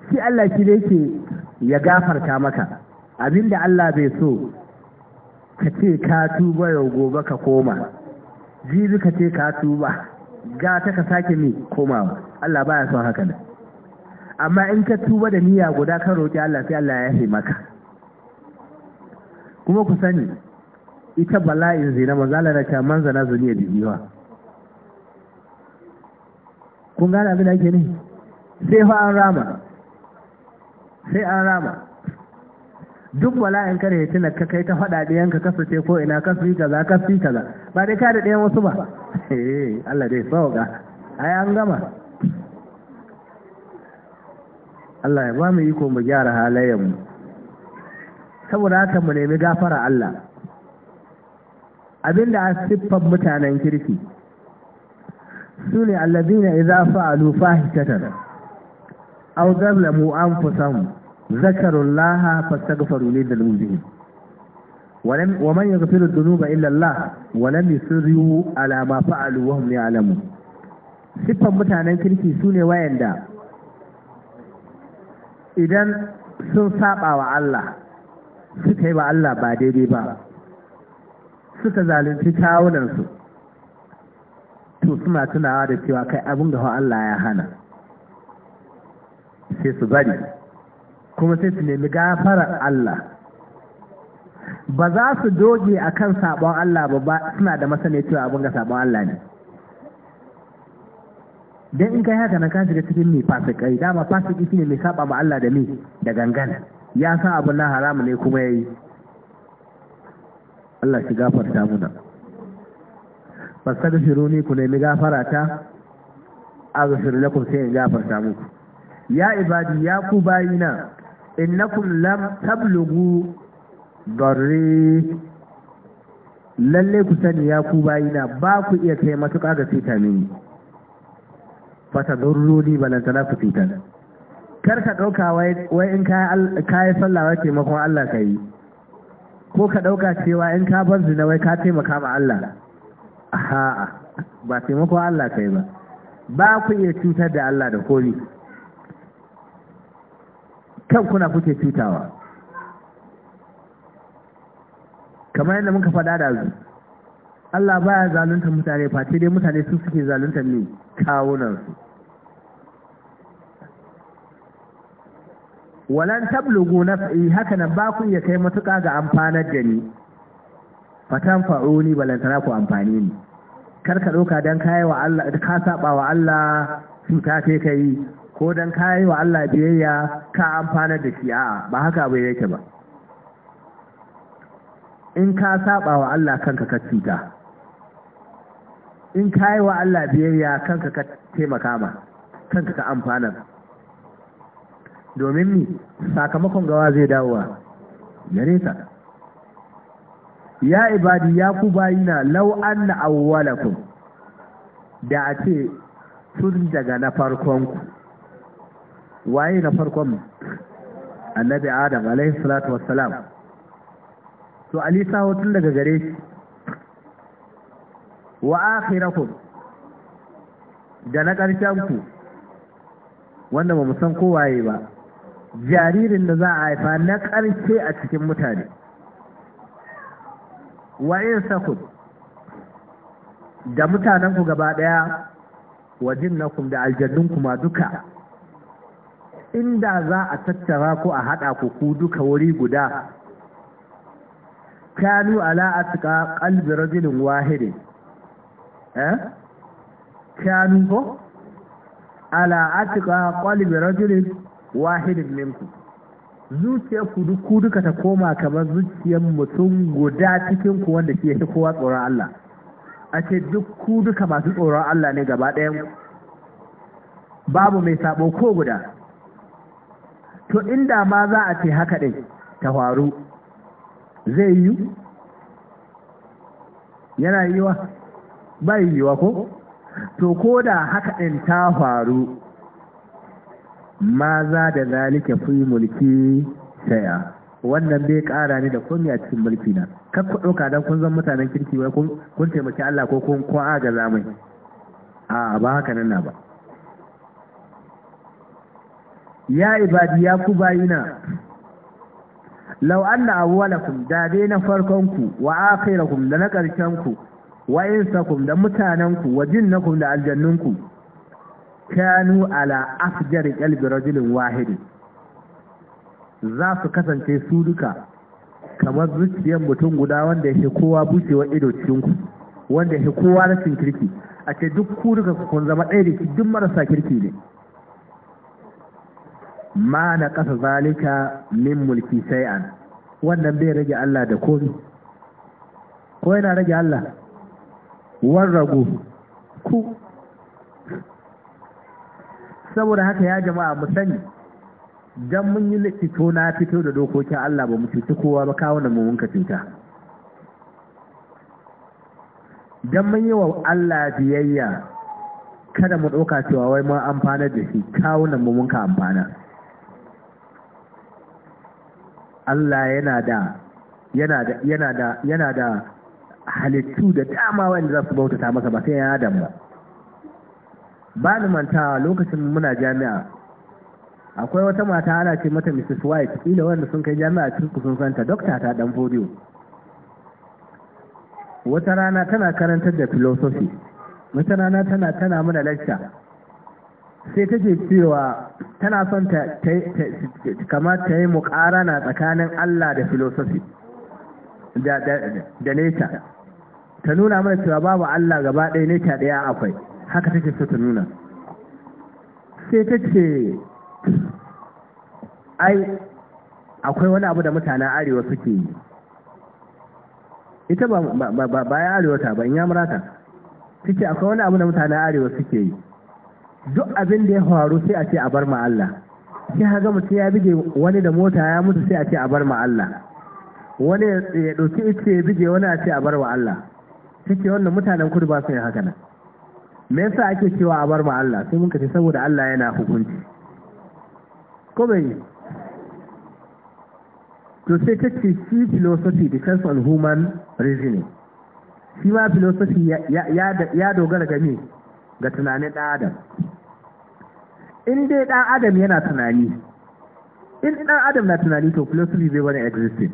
shi Allah shi ne ke ya gafarta maka abinda Allah bai so ka ce ka tuba yau gobe ka koma jibi ka ce ka tuba ga ta ka sake ni komawa Allah baya son haka ne amma in ka tuba da niyya guda kan roƙi Allah sai Allah ya yafe maka kuma ku sani ita bala'in zina manzala na ta manzana zuniya bibiwa kun gane abin da ake ne sai fa an rama sai an rama duk bala'in kare ya tuna ka kai ta faɗa da yanka kasu ce ko ina kasu yi kaza kasu yi kaza ba dai ka da ɗayan wasu ba eh Allah dai A ai an gama Allah ya ba mu iko mu gyara halayen mu saboda haka mu nemi gafara Allah abinda a siffan mutanen kirki su ne allazina idza fa'alu fahishatan aw zalamu anfusahum zakaru allaha fastaghfiru li dhunubihim wa man yaghfiru dhunuba illa allah wa lam yusirru ala ma fa'alu wa hum ya'lamun siffan mutanen kirki su ne wayanda idan sun saba wa Allah suka yi wa Allah ba daidai ba suka zalunci kawunansu to suna tunawa da cewa kai abin gawa Allah ya hana sai su bari kuma sai su nemi gafarar Allah ba za su doge a kan sabon Allah ba ba suna da masane cewa abin ga sabon Allah ne don in kai haka na kashi da cikin mai fasikai dama fasiki shine mai saba ma Allah da ni da gangana ya san abin na haramu ne kuma ya yi, Allah shi gafarta muna fastaghfiruni ku nemi gafara ta aghfir lakum sai in gafarta muku ya ibadi ya ku bayina innakum lam tablughu darri lalle ku sani ya ku bayina ba ku iya kai matuƙa ga fita mini fata zurruni balantana ku fita kar ka ɗauka wai in kayi sallah wai taimakon Allah ka yi ko ka ɗauka cewa in ka bar zina wai ka taimaka ma Allah a'a ba taimako Allah kai ba ba ku iya cutar da Allah da kori. kan kuna kuke cutawa kamar yadda muka faɗa da zu Allah baya zalunta mutane face dai mutane su suke zalunta ne kawunansu walan tablugu naf'i haka nan ba ku iya kai matuƙa ga amfanar da ni fatan fa'uni balantana ku amfani ni kar ka ɗauka don kayi wa Allah ka saba wa Allah cuta ce ka yi ko don kayi wa Allah biyayya ka amfana da shi a'a ba haka bai yake ba in ka saba wa Allah kanka ka cuta in kayi wa Allah biyayya kanka ka taimaka ma kanka ka amfana domin ni sakamakon gawa zai dawowa gare ka ya ibadi ya ku bayina law anna awwalakum da a ce tun daga na farkonku waye na farkon annabi adam alaihi salatu wassalam to ali sawo tun daga gare shi wa akhirakum da na ƙarshen ku wanda ba mu san kowaye ba jaririn da za a haifa na ƙarshe a cikin mutane in sakut da mutanenku gaba ɗaya wa jinnakum da aljannunku ma duka inda za a tattara ku a haɗa ku ku duka wuri guda kanu ala atika qalbi rajulin wahidin eh kanu ko ala atika qalbi rajulin wahirin. minkum zuciyar ku duk ku duka ta koma kamar zuciyar mutum guda cikin ku wanda shi yake kowa tsoron Allah a ce duk ku duka masu tsoron Allah ne gaba ɗayan babu mai sabo ko guda to inda ma za a ce haka ɗin ta faru zai yi yana yiwa bai yiwa ko to ko da haka ɗin ta faru ma za da zalika fi mulki shaya wannan bai kara ni da komai a cikin mulki na Ka ku ɗauka don kun zan mutanen kirki wai kun taimaki Allah ko kun ko ga zamai a ba haka nan na ba ya ibadi ya ku bayina law anna awwalakum da dai na farkon ku wa akhirakum da na karshen ku wa insakum da mutanen ku wa jinnakum da aljannun ku kanu ala afjar qalbi rajulin wahidi za su kasance su duka kamar zuciyar mutum guda wanda yake kowa bucewa ido cikin ku wanda yake kowa rashin kirki a ce duk ku duka kun zama ɗaya da duk marasa kirki ne ma na ƙasa zalika min mulki sai an, wannan bai rage Allah da komi ko yana rage Allah warragu ku saboda haka ya jama'a mu sani dan mun yi fito na fito da dokokin Allah ba mu cuci kowa ba kawo mu mun ka cuta dan mun yi wa Allah biyayya kada mu ɗauka cewa wai mun amfana da shi kawo mu mun ka amfana Allah yana da yana da yana da yana da halittu da dama wanda za su bauta masa ba sai ya adam ba ba ni mantawa lokacin muna jami'a akwai wata mata ana ce mata mrs white kila wanda sun kai jami'a cikin sun santa dokta ta dan fodiyo wata rana tana karantar da philosophy wata rana tana tana mana lecture sai ta ce cewa tana son ta kamar ta yi mukarana tsakanin Allah da philosophy da nature ta nuna mana cewa babu Allah gaba ɗaya nature ɗaya akwai haka take so ta nuna sai ta ce ai akwai wani abu da mutanen arewa suke yi ita ba bayan arewa ta ba in ya murata ta ce akwai wani abu da mutanen arewa suke yi duk abin da ya faru sai a ce a bar ma Allah sai haga mutum ya bige wani da mota ya mutu sai a ce a bar ma Allah wani ya ɗauki ita ya bige wani a ce a bar ma'alla Allah ce wannan mutanen kudu ba su yi haka nan me yasa ake cewa a bar ma Allah sai muka ce saboda Allah yana hukunci ko bai yi to sai ta ce shi philosophy depends on human reasoning shi ma philosophy ya dogara ga me ga tunanin ɗan adam in dai ɗan adam yana tunani in ɗan adam na tunani to philosophy zai wani existing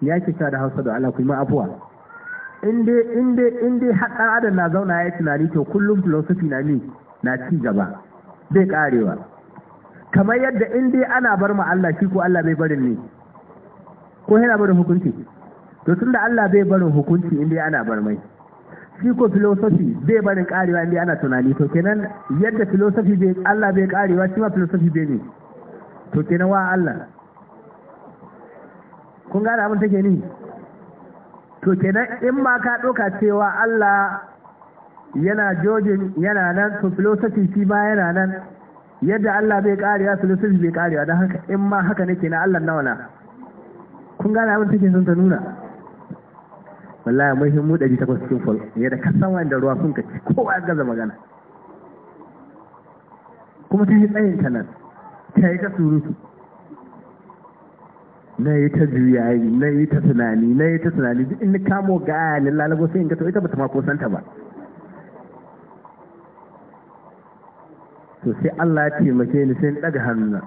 ya ke da hausa da Allah kuma abuwa in dai haɗa adam na zauna ya tunani to kullum filosofi na ne na ci gaba bai karewa kamar yadda in dai ana bar ma Allah shi ko Allah bai barin ne ko yana barin hukunci to tun da Allah bai barin hukunci in dai ana bar mai shi ko filosofi bai barin karewa in dai ana tunani to kenan yadda filosofi bai Allah bai karewa shi ma filosofi bai ne to kenan wa Allah kun gane abin take ni to kenan in ma ka ɗauka cewa Allah yana jojin yana nan to filosofi shi ba yana nan yadda Allah bai karewa filosofi bai karewa don haka in ma haka nake na Allah nawa na kun gane abin cikin sun ta nuna wallahi ɗari takwas cikin fol yadda ka san wanda ruwa sun kaci kowa ya gaza magana kuma ta yi tsayin ta nan ta yi ta surutu na yi ta juyayi na yi ta tunani na yi ta tunani duk in kamo ga aya lalago sai in ga ita ita bata mako ta ba to sai Allah ya taimake ni sai in daga hannuna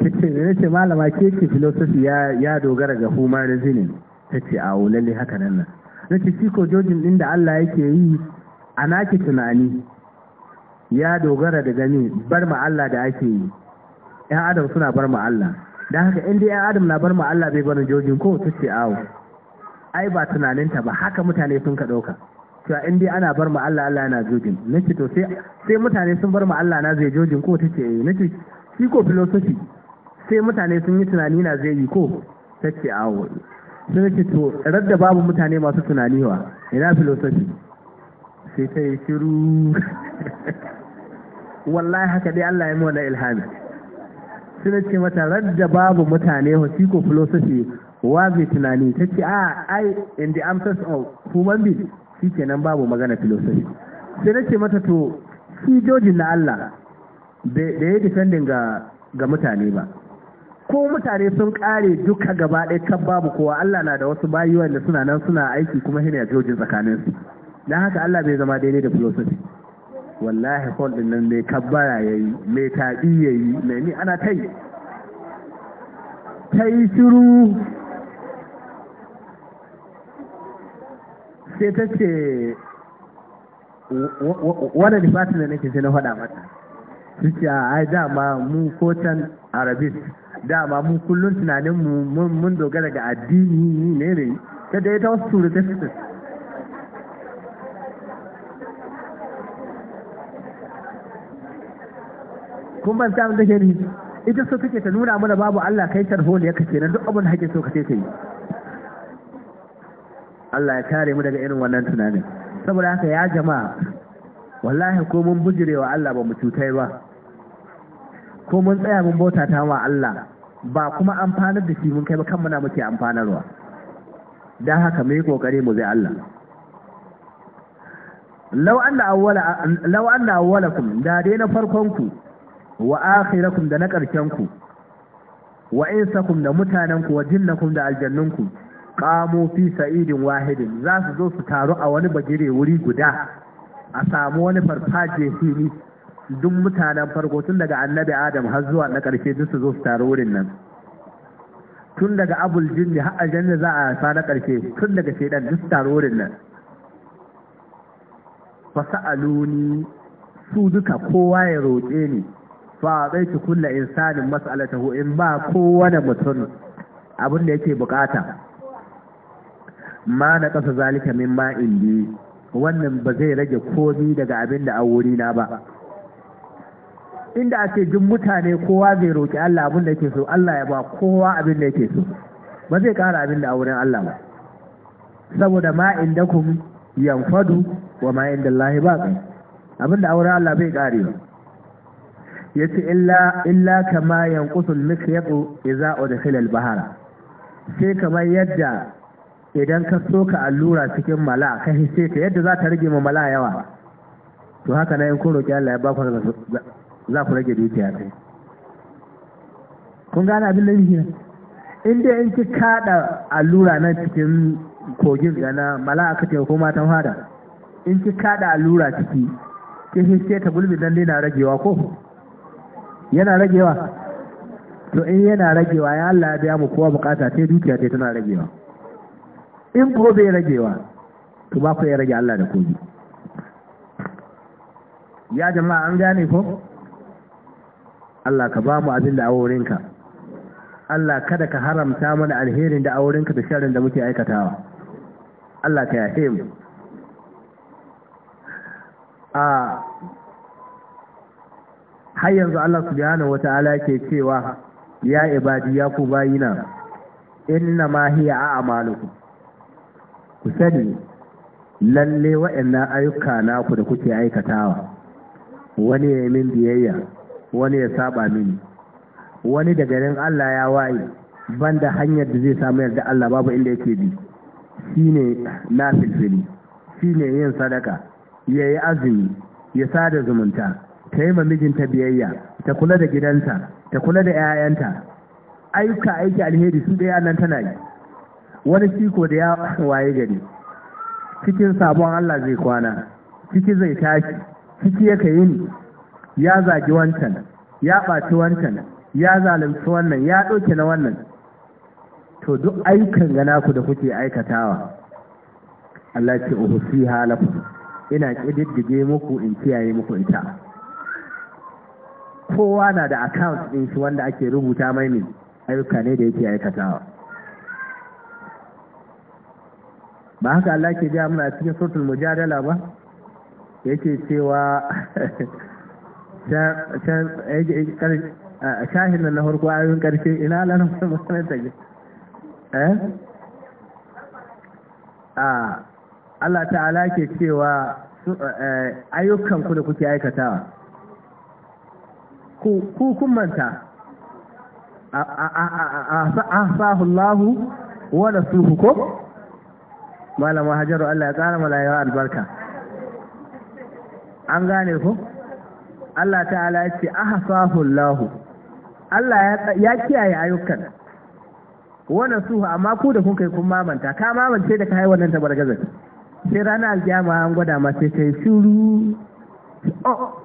kace ne ce malama ke ke philosophy ya dogara ga humanism ta ce a wulalle haka nan nan na ce shi ko jojin din da Allah yake yi a naki tunani ya dogara da gani bar ma Allah da ake yi 'yan adam suna bar ma Allah da haka inda ya adam na bar ma Allah bai barin jirgin ko ta ce awo ai ba tunaninta ba haka mutane sun ka ɗauka cewa inda ana bar ma Allah Allah yana jirgin? na ce to sai mutane sun bar ma Allah na zai jirgin ko ta ce eh. na ce shi ko filosofi sai mutane sun yi tunani na zai yi ko ta ce awo sai na ce to radda babu mutane masu tunani wa ina filosofi sai ta yi shiru wallahi haka dai Allah ya mawa na ilhami suna ce mata radda babu mutane hosiko philosophy wa zai tunani ta ce a ah, ai in the answers of human being shi kenan babu magana philosophy sai na ce mata to shi jojin na Allah da ya defendin ga ga mutane ba ko mutane sun kare duka gaba ɗaya kan babu kowa Allah na da wasu bayi wanda suna nan suna aiki kuma hina jojin su Na haka Allah bai zama daidai da philosophy wallahi fulɗin din nan mai kabbara ya yi mai taɗi ya yi mai ni ana ta yi ta yi shiru sai ta ce da fatin da nake sai na faɗa mata su ce ai dama mu kotan arabis dama mu kullum tunaninmu mun dogara ga addini ne ne ta dai ta wasu ta surutai kun ban samun da shari ita so take ta nuna mana babu Allah kai tarho ne yake kenan duk abin hake so kace ta yi Allah ya kare mu daga irin wannan tunanin saboda haka ya jama'a wallahi ko mun wa Allah ba mu cutai ba ko mun tsaya mun bauta ta wa Allah ba kuma amfanar da shi mun kai ba kan muna muke amfanarwa don haka mai kokari mu zai Allah awwala law anna awwalakum da dai na farkon ku. wa akhirakum da na ƙarshen ku wa insakum da mutanen ku wa jinnakum da aljannun ku qamu fi sa'idin wahidin za su zo su taru a wani bagire wuri guda a samu wani farfaje fili duk mutanen farko tun daga annabi adam har zuwa na ƙarshe duk su zo su taru wurin nan tun daga abul jinni har aljanna za a sa na ƙarshe tun daga shaidan duk su taru wurin nan fasa'aluni su duka kowa ya roƙe ni fa zaitu kulla insanin mas'alatahu in ba kowane mutum abin da yake bukata ma na kasa zalika min ma indi wannan ba zai rage komi daga abin da an na ba inda ake jin mutane kowa zai roƙi Allah abin da yake so Allah ya ba kowa abin da yake so ba zai ƙara abin da a Allah ba saboda ma indakum yanfadu wa ma inda Allah ba abin da a Allah bai ƙare ba yace illa illa kama yanqusul mikyatu idza udkhila al-bahara sai kamar yadda idan ka soka allura cikin mala ka hisse ta yadda za ta rage ma mala yawa to haka na in kun roki Allah ya ba ku za ku rage dukiya kai kun gane abin da yake in dai in ki kada allura nan cikin kogin gana mala aka ce ko matan fada in ki kada allura ciki ki hisse ta bulbi dan dai na ragewa ko yana ragewa to in eh, yana ragewa ya Allah ya biya mu kowa bukata sai dukiya ce tana ragewa in ko bai ragewa to ba ku ya rage Allah da kogi ya jama'a an gane ko Allah ka ba mu abin da aurenka Allah kada ka haramta mana alherin da aurenka da sharrin da muke aikatawa Allah ka yafe mu a ah, har yanzu Allah subhanahu wataala ke cewa ya ibadi ya ku bayina inna ma hiya a'malukum ku sani lalle wa'annan ayyuka naku da kuke aikatawa wani ya min biyayya wani ya saba mini wani da garin Allah ya waye banda hanyar da zai samu yarda Allah babu inda yake bi shine fili shine yin sadaka yayi azumi ya sada zumunta ta yi mijinta biyayya ta kula da gidanta ta kula da 'ya'yanta ayyuka aiki alheri sun da nan tana yi wani ciko da ya waye gari cikin sabon Allah zai kwana ciki zai tashi ciki ya kayi ya zagi wancan ya ɓaci wancan ya zalunci wannan ya ɗauke na wannan to duk aikan gana ku da kuke aikatawa Allah ce uhusiha lakum ina ƙididdige muku in kiyaye muku ita kowa na da account ɗin shi wanda ake rubuta mai ne ayyuka ne da yake aikatawa ba haka Allah ke ja muna cikin sautul mujadala ba yake cewa shahin nan na harko ayoyin ƙarshe ina lanar musamman ta eh Allah ta'ala ke cewa eh, ayyukan ku da kuke aikatawa ku kun manta lahu wa su ko malama hajjaru Allah ya tsara malayawa albarka an gane ku Allah ta'ala ya ce lahu. Allah ya kiyaye ayyukan wannan suhu amma ku da kun kai kun mamanta ka mamance da kai wannan tabargazar sai ranar aljama an gwada ma sai sai shuru oh, oh.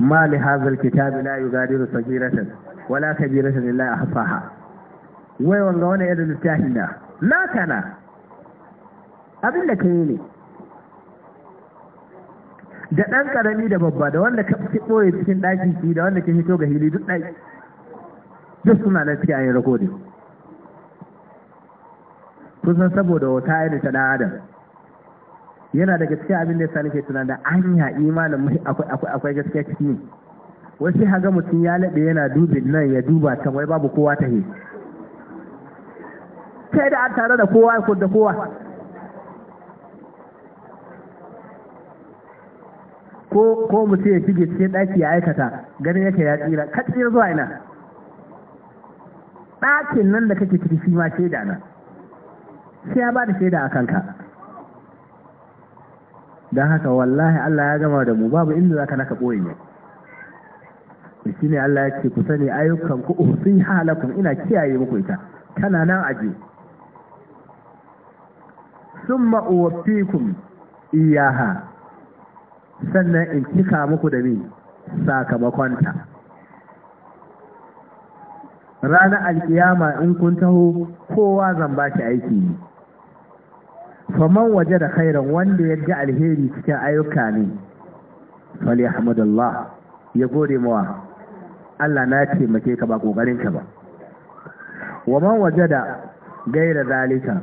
ما لهذا الكتاب لا يغادر صغيرة ولا كبيرة إلا أحصاها wai wanga wani yadda littafi na naka abin da ka yi ne da ɗan ƙarami da babba da wanda ka fi cikin ɗaki ki da wanda ka hito ga hili duk ɗaki duk suna na cikin ayin rakodin kusan saboda wata ayin ta ɗan adam yana daga cikin abin da ya sani ke tunanin anya imanin mai akwai gaskiya ciki ne wasu haga mutum ya laɓe yana dubin nan ya duba can wai babu kowa ta he yi da an tare da kowa ko da kowa ko ko mutum ya shige cikin ɗaki ya aikata ganin yake ya tsira ka tsira zuwa ina ɗakin nan da kake ciki shi ma shaida na sai ya ba da shaida a kanka don haka wallahi Allah ya gama da mu babu inda za ka naka ɓoye ne shi ne Allah ya ce ku sani ayyukan ku yi halakun ina kiyaye muku ita tana nan aje sun ma'uwafikun iyaha sannan in cika muku da ni sakamakonta ranar alkiyama in kun taho kowa zan ba aiki ne faman waje da khairan wanda ya ga alheri cikin ayyuka ne fali ahmadullah ya gode mawa Allah na taimake ka ba kokarin ka ba waman waje da gaira zalika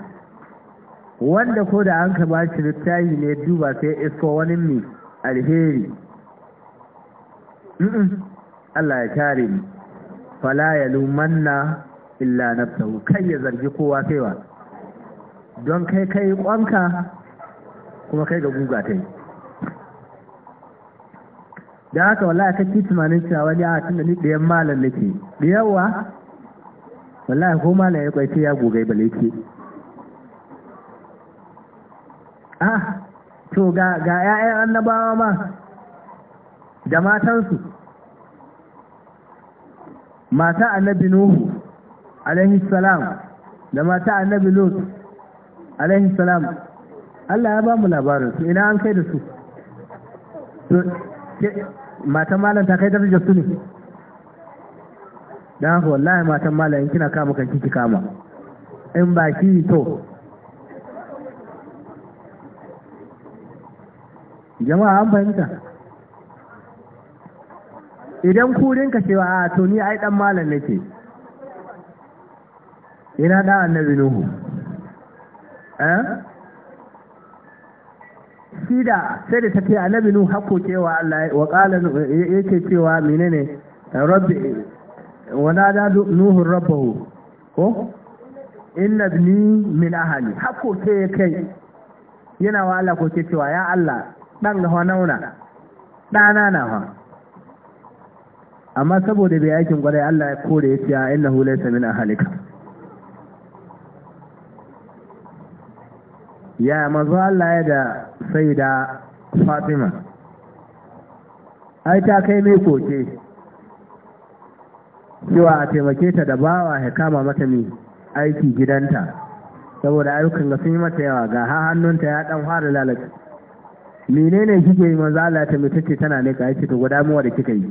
wanda ko da an ka shi littafi ne duba sai isko wani mai alheri Allah ya kare ni fala ya lumanna illa nafsahu kai ya zargi kowa kaiwa don kai kai kwanka kuma kai ga guga ta yi da haka wallahi ci tunanin cewa wani a ah, da ni ɗayan malam nake da yawa wallahi ko malar ya kwaice ya gogai bala ke ah to ga ga ƴaƴan annabawa ma da matansu mata annabi nuhu alaihi salam da mata annabi lut alaihi salam Allah ya ba mu labarin su ina an kai da su matan malam ta kai da su ne don haka wallahi matan malam in kina kama kan kiki kama in ba ki to jama'a an fahimta idan ka cewa a to ni ai dan malam nake ina da annabi nuhu Eh? shi da sai da ta ce annabi nu hakko cewa Allah wa qala yake cewa menene rabbi wa nada nuhu rabbahu ko inna ibni min ahli hakko ce kai yana wa Allah ko cewa ya Allah dan ga nauna dana na fa amma saboda bai aikin gwarai Allah ya kore ya ce innahu laysa min ahlika ya Mazu Allah ya da sai da fatima ai ta kai mai koke cewa a taimake ta da bawa ya kama mata mai aiki gidanta saboda ayyukan ga sun yi mata yawa ga ha hannunta ya dan fara lalata menene kike yi manzo Allah ta mutace tana ne ka yake ta guda muwa da kika yi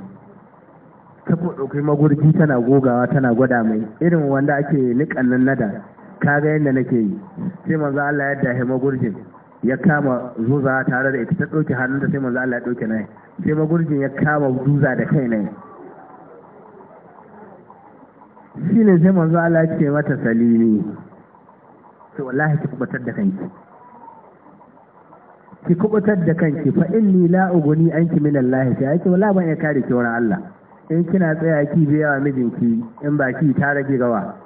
ta kuɗo kai magurji tana gogawa tana gwada mai irin wanda ake nikan nan nada kaga yadda nake yi sai manzo Allah ya dahe magurjin ya kama zuza tare da ita ta hannun da sai manzo Allah ya dauke nayi sai magurjin ya kama zuza da kai nayi shi ne sai manzo Allah ya ce mata salimi to wallahi ki kubatar da kanki ki kubatar da kanki fa inni la uguni anki min Allah sai ake wallahi ban ya kare ki wurin Allah in kina tsaya ki biya wa mijinki in ba ki tare gawa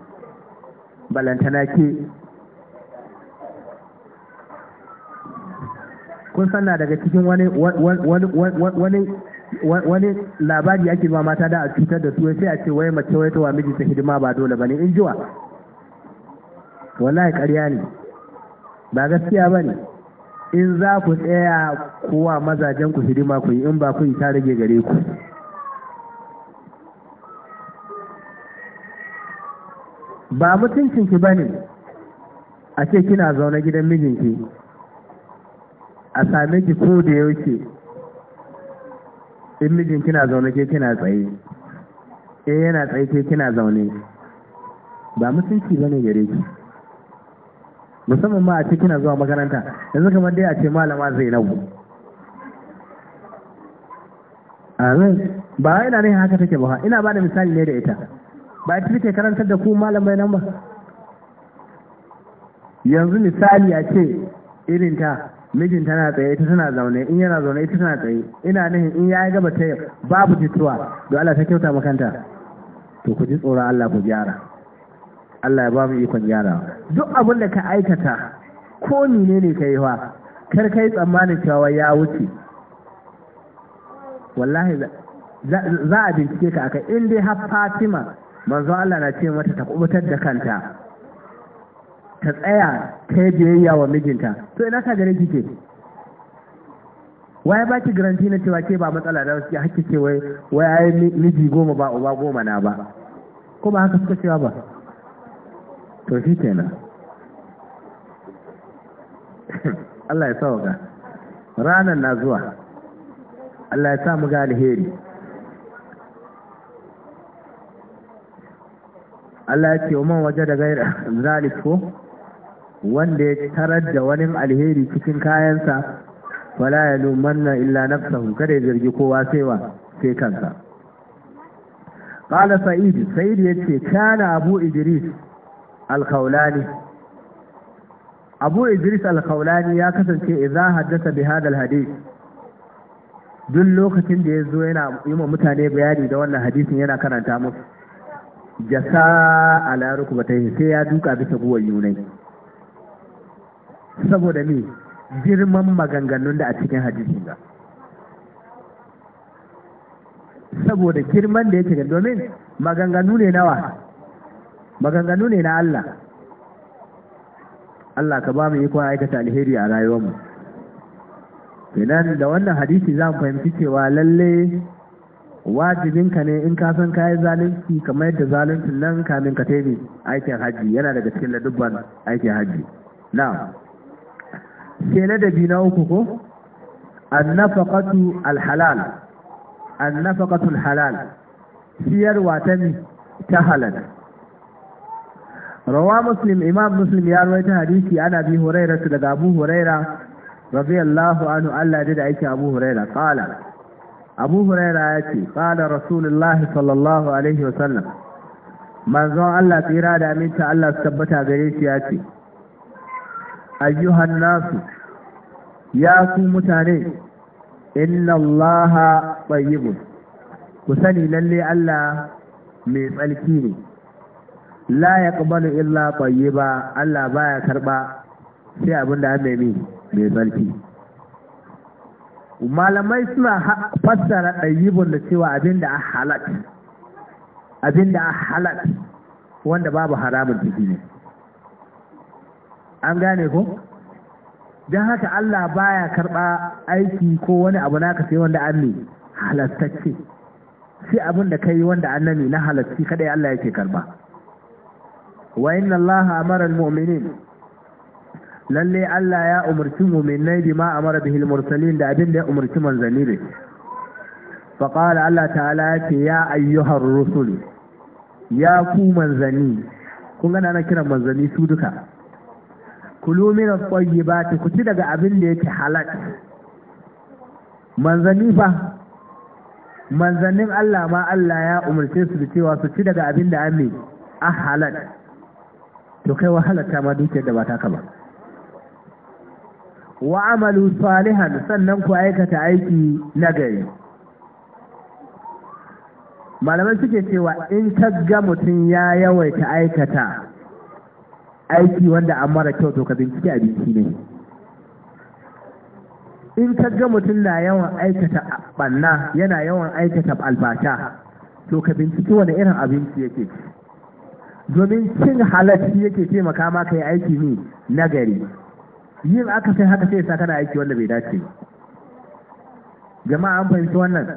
balantana ke kun sanna daga cikin wani labari ake ba mata da a cutar da su sai a ce wai mace wai ta wa miji ta hidima ba dole bane in jiwa wallahi ƙarya ne ba gaskiya bane in za ku tsaya kowa mazajen ku hidima ku yi in ba ku yi ta rage gare ku ba mutuncinki ba ne a ce kina zaune gidan mijinki a same ki ko da yauke in mijin kina zaune ke kina tsaye e yana tsaye ke kina zaune ba mutunci ba ne gare ki musamman ma a ce kina zuwa makaranta yanzu kamar dai a ce malama zainabu amin ba ina ne haka take ba ina ba da misali ne da ita ba ita take karantar da ku malamai nan ba yanzu misali a ce irin ta mijin tana tsaye ita tana zaune in yana zaune ita tana tsaye ina nihin in ya gaba ta babu jituwa da Allah ta kyauta makanta to ku ji tsoron Allah ku gyara Allah ya ba mu ikon gyara duk abin da ka aikata ko ne ne ka yi wa kar kai tsammanin cewa ya wuce wallahi za a bincike ka akai in dai har Fatima manzo Allah na ce mata ta kubutar da kanta ta tsaya ta yi biyayya wa mijinta to ina ka gare kike waye ba ki garanti na cewa ke ba matsala da wasu hakki ce wai waye miji goma ba uba goma na ba ko ba haka suka cewa ba to shi kenan Allah ya sauka ranar na zuwa Allah ya sa mu ga alheri Allah ya ce wa man waje da gaira wanda ya tarar da wani alheri cikin kayansa wala ya lumanna illa nafsahu kada ya zargi kowa sai wa sai kansa qala sa'id sa'id yace kana abu idris al-khawlani abu idris al-khawlani ya kasance idza haddasa bi hadal hadith duk lokacin da ya zo yana yi wa mutane bayani da wannan hadisin yana karanta musu jasa ta yi sai ya duka bisa guwan yunai saboda ne girman maganganun da a cikin hadisi ba saboda girman da yake da domin maganganu ne nawa maganganu ne na Allah Allah ka ba mu yi kwan aikata alheri a rayuwarmu kenan da wannan hadisi za mu fahimci cewa lalle wajibinka ne in ka san kayi zalunci kamar yadda zaluncin nan kamin ka taimi aikin hajji yana daga cikin ladubban aikin hajji na sai ladabi na uku ko annafaqatu alhalal annafaqatu alhalal siyar ta ta halal rawa muslim imam muslim ya ta hadisi ana bi su daga abu rabi radiyallahu anu Allah da yake abu hurairah qala abu huraira ya ce fada rasulullahi sallallahu alaihi wasallam manzon allah tsira da aminta allah su tabbata gare shi ya ce ayyuhan nasu ya ku mutane inna allaha tayyibun ku sani lalle allah mai tsarki ne la bani illa ƙwaye ba Allah baya karɓa sai abin da mai mai tsarki malamai suna fassara ɗayyibun da cewa abinda a halat abinda a halat wanda babu haramun ciki ne an gane ko don haka Allah baya karɓa aiki ko wani abu naka sai wanda an ne halattacce shi abinda ka yi wanda an nami na halatti kada Allah yake karɓa wa inna Allah amara al-mu'minin lalle Allah ya umarci mu'minai bima amara bihil mursalin da abin da ya umarci manzanni ne fa qala Allah ta'ala yake ya ayyuhar rusul ya ku manzanni kun ga na kiran manzanni su duka kulu min at-tayyibati ku ci daga abin da yake halal manzanni fa manzannin Allah ma Allah ya umarce su da cewa su ci daga abin da ame ah halal to kai wahalar ta ma dukiyar da ba ta ba wa amalu salihan sannan ku aikata aiki nagari malamai suke cewa in ga mutum ya yawaita aikata aiki wanda an mara kyau to ka bincike abinci ne in ga mutum na yawan aikata banna yana yawan aikata albata to ka bincike wani irin abinci yake domin cin halarci yake taimaka maka yi aiki ne nagari yin aka sai haka sai sa kana aiki wanda bai dace jama'a an fahimci wannan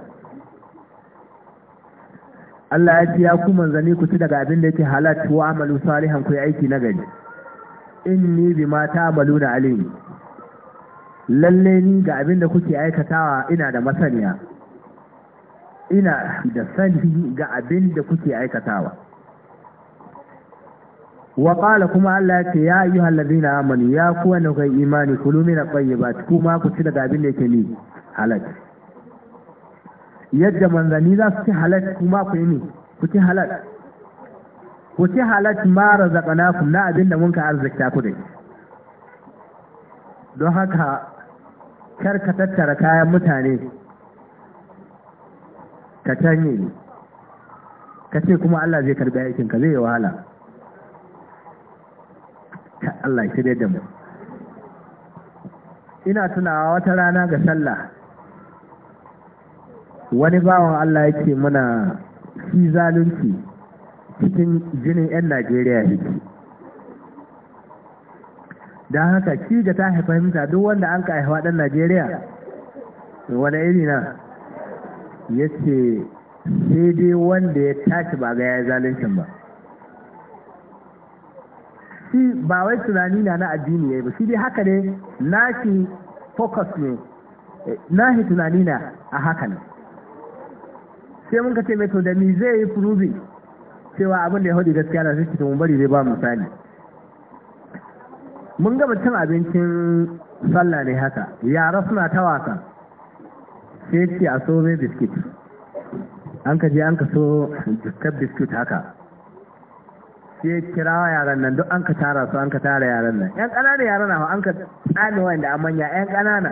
Allah ya ce ya ku manzanni ku ci daga abin da yake halat wa amalu salihan ku aiki na gari inni amalu ta'maluna alim lalle ni ga abin da kuke aikatawa ina da masaniya ina da sani ga abin da kuke aikatawa wa qala kuma Allah ya ce ya ayyuhal ladina amanu ya kuwa na kai imani kulu min at-tayyibat kuma ku ci daga abin da yake ni halal yadda manzani za su ci halal kuma ku yi ni ku ci halal ku ci halal ma razaqnakum na abin da mun ka arzikta ku dai don haka kar ka tattara kayan mutane ka canye ka ce kuma Allah zai karbi aikinka zai yi wahala Allah shi da mu ina tunawa wata rana ga sallah wani bawan Allah yake muna shi zalunci cikin jinin 'yan Najeriya yake don haka ci ga ta fahimta duk wanda an ka haifa ɗan Najeriya wani iri na ya ce sai dai wanda ya tashi ba ga ya yi zaluncin ba shi ba wai tunani na na addini ya ba shi dai haka ne na shi focus ne eh, shi tunani na a haka ne sai mun ka ce mai da zai yi furubi cewa abin da ya hudu gaskiya na shi mun bari zai ba misali mun gama cin abincin sallah ne haka yara suna ta wasa sai ce a so mai biskit an ka je an ka so jikkar biskit haka sai kirawa yaran nan duk an ka tara su an ka tara yaran nan yan ƙananan yaran na an ka tsami wanda a manya yan ƙanana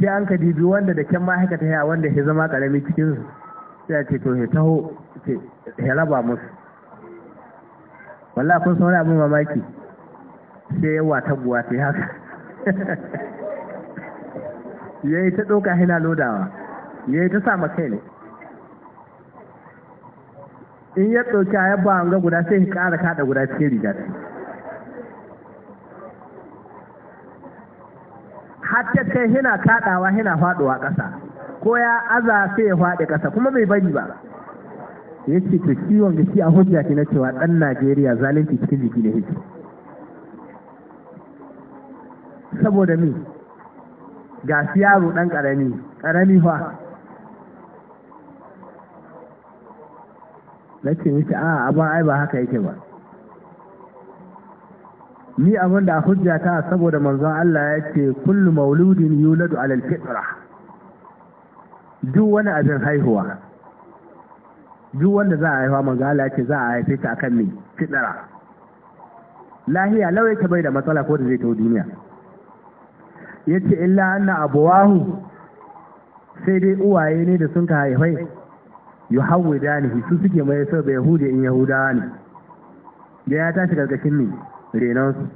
sai an ka dibi wanda da kyan ta ya wanda ya zama ƙarami cikin su sai a ce to ya taho ya raba musu wallahi kun saurari abin mamaki sai ya wata buwa sai haka ya yi ta ɗauka hina lodawa ya yi ta sa kai ne in ya ɗauki a yabba guda sai ya ƙara kaɗa guda cikin riga ce hatta kai hina kaɗawa hina faɗuwa ƙasa ko ya aza sai ya faɗi ƙasa kuma bai bari ba ya ce to ciwon shi a hujja ke na cewa ɗan najeriya zalunci cikin jiki da hiji saboda mi ga yaro ɗan ƙarami ƙarami fa na ce mishi a abin ai ba haka yake ba ni abin da hujja ta saboda manzon Allah ya ce kullu mauludin yuladu alal fitra duk wani abin haihuwa duk wanda za a haihuwa manzon Allah ya ce za a haife shi akan ni fitra lahiya lau yake bai da matsala ko da zai tawo duniya yace illa anna abuwahu sai dai uwaye ne da sun ka ne su suke mai so da yahudi in yahudawa ne da ya tashi karkashin ne renon su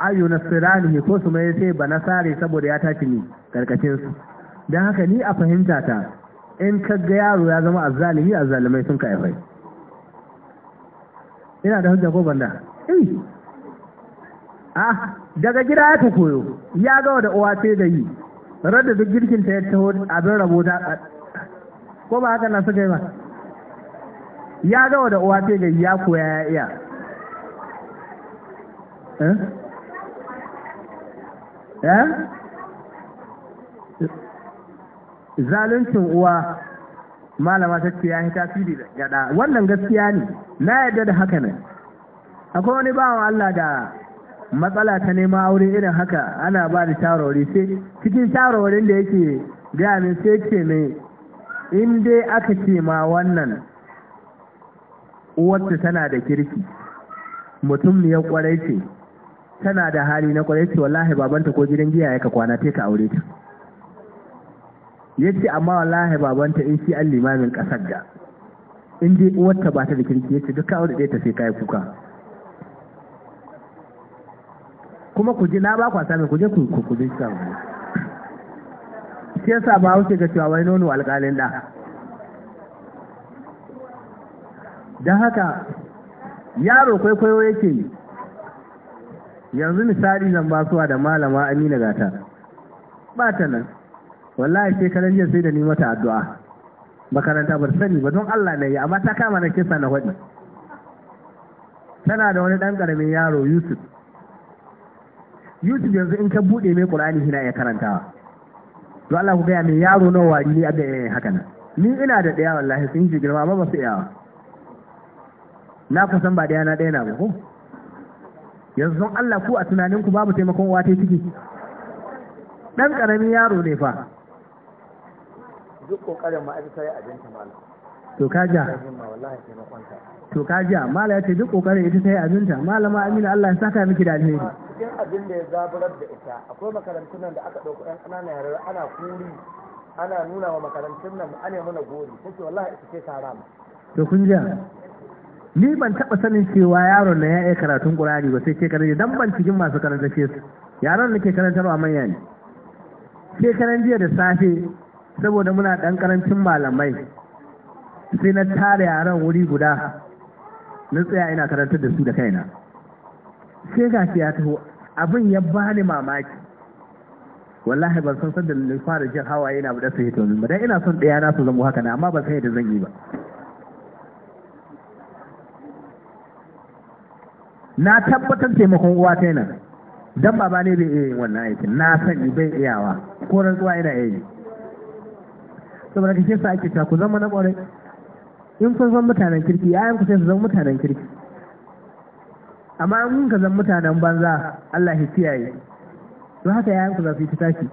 ayu ne ko su mai sai ba nasare saboda ya tashi ne karkashin su don haka ni a fahimta ta in ga yaro ya zama azzalimi azzalimai sun kai fai ina da hujja ko banda eh ah daga gida ya koyo ya ga da uwa sai da yi radda duk girkin ta ya taho abin rabota ko ba haka nan suka yi ba ya gawa da uwa sai gari ya koya ya iya eh? eh zaluncin uwa malama ta ce ya yi tasiri ga da wannan gaskiya ne na yarda da haka ne akwai wani bawan Allah da matsala ta neman aure irin haka ana ba da shawarwari sai cikin shawarwarin da yake gami sai ce mai in dai aka ce ma wannan uwarta tana da kirki mutum ya kwarai ce tana da hali na kwarai ce wallahi babanta ko gidan giya yaka kwana ta ka aure ta ce amma wallahi babanta in shi an limamin kasar da in dai uwarta ba ta da kirki ce duka aure ɗaya ta sai kai kuka kuma ku ji na ba ku samu ku je ku ku ku samu shi yasa ba wuce ga cewa wai nono alƙalin da don haka yaro kwaikwayo yake yanzu misali zan ba suwa da malama amina gata ba ta nan wallahi sai shekaran jiya sai da ni mata addu'a makaranta ba sani ba don Allah na yi amma ta kama na kisa na hudi tana da wani ɗan ƙaramin yaro yusuf yusuf yanzu in ka buɗe mai ƙulani hina ya karantawa to Allah ku gaya mai yaro nawa wari ne abin yayin eh, haka nan ni ina da ɗaya wallahi sun ji girma amma ba su iyawa na kusan ba ɗaya na ɗaya na ba ko yanzu sun Allah ku a tunanin ku babu taimakon uwa ta ciki dan karamin yaro ne fa duk kokarin ma'aikata ya abinta malam to kaja to kaja mala ya ce duk kokarin ita sai abinta malama amina Allah ya saka miki da alheri cikin abin da ya zaburar da ita akwai makarantun nan da aka dauko ɗan ƙananan yare ana kuri ana nuna wa makarantun nan ana yi mana gori take wallahi ita ce sara ma to kun ji ni ban taɓa sanin cewa yaron na ya yi karatun ƙurani ba sai shekaran jiya dan ban cikin masu karanta su yaron da ke karantarwa manya ne shekaran jiya da safe saboda muna ɗan karancin malamai sai na tara yaran wuri guda na tsaya ina karantar da su da kaina sai ga ya taho abin ya bani mamaki wallahi ban san sanda na fara jin hawaye na buɗe su hito ba dan ina son ɗaya na su zama haka na amma ban san yadda zan yi ba na tabbatar taimakon uwa ta yana dan baba ne bai iya yin wannan aikin na san sani bai iyawa ko rantsuwa yana iya yi saboda kake sa ake ta ku zama na ƙwarai in kun zan mutanen kirki ya ku sai su zama mutanen kirki amma in ka zan mutanen banza Allah ya kiyaye don haka yayan ku za su yi tashi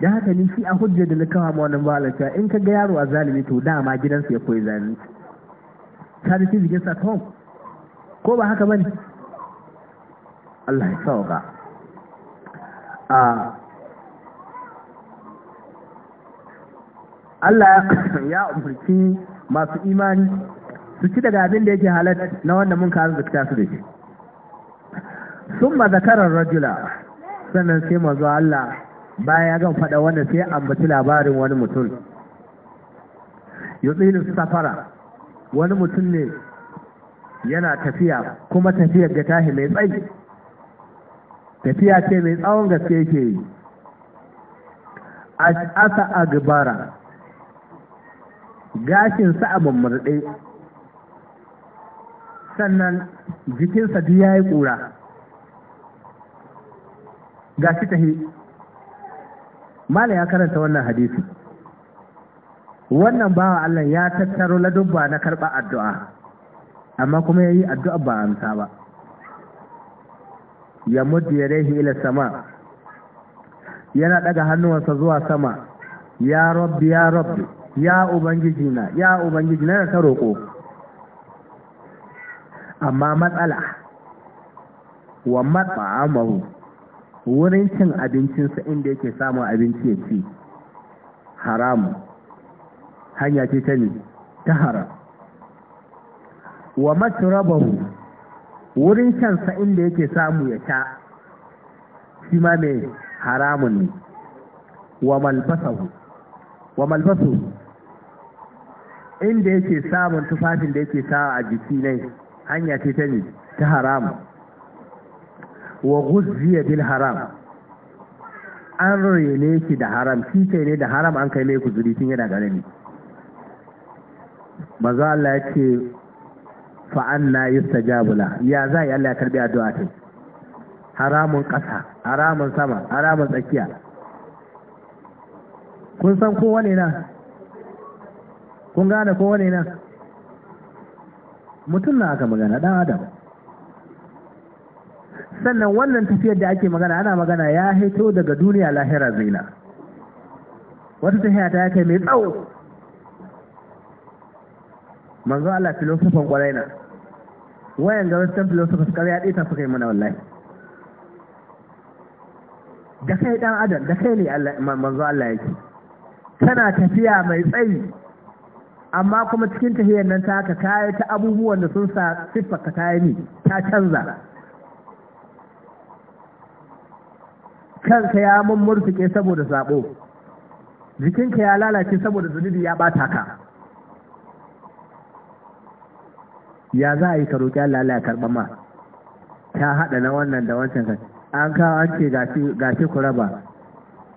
don haka ni shi a hujja da na kawo ma wannan ba'ala cewa in ka ga yaro a zalimi to dama gidansa ya koyi zalimi ta da shi jikin sa ko ba haka bane Allah ya sauka a ah, Allah ya umarci masu imani su ci daga abin da yake halatta na wanda mun ka arzikta su da shi sun ma zakarar rajula sannan sai mazu Allah baya ya gan faɗa wanda sai ambaci labarin wani mutum yutsilu safara wani mutum ne yana tafiya kuma tafiyar da tahi mai tsayi tafiya ce mai tsawon gaske yake yi asa agbara gashinsa a mammurɗe sannan jikinsa duk ya yi ƙura gashi hi mala ya karanta wannan hadisi wannan bawa Allah ya tattaro ladubba na karɓar addu'a amma kuma ya yi addu'a ba amsa ba ya ya rehi ila sama yana ɗaga hannuwansa zuwa sama ya rabbi ya rabbi ya ubangiji na ya ubangiji na ta roƙo amma matsala wa amahu wurin cin abincinsa inda yake samun abinci ya ci haramu hanya ce ta ne ta haram wa maturabahu wurin shansa inda yake samu ya sha shi ma mai haramun ne wa malbasahu wa malbasahu inda yake samun tufafin da yake sawa a jiki ne hanya ce ta ne ta haram wa guzziya bil haram an rene shi da haram shi kai ne da haram an kai mai kuzuri tun yana ƙarami Maza Allah ya ce fa anna yustajabu la ya za yi Allah ya karbi addu'a ta haramun ƙasa haramun sama haramun tsakiya kun san kowane na kun gane ko wane nan mutum na aka magana ɗan adam sannan wannan tafiyar da ake magana ana magana ya haito daga duniya lahira zina wata tafiya ta kai mai tsawo manzo Allah filosofan kwarai na wayan ga western philosophers kare ya ɗita suka yi mana wallahi da kai ɗan adam da kai ne manzo Allah yake tana tafiya mai tsayi amma kuma cikin tahiyar nan ta ka kayi ta abubuwan da sun sa siffar ka kayi ne ta canza kanka ya murtuke saboda sabo jikinka ya lalace saboda zunubi ya bata ka ya za a yi ka roƙi Allah Allah ya ma ta haɗa na wannan da wancan kan an kawo an ce gashi ku raba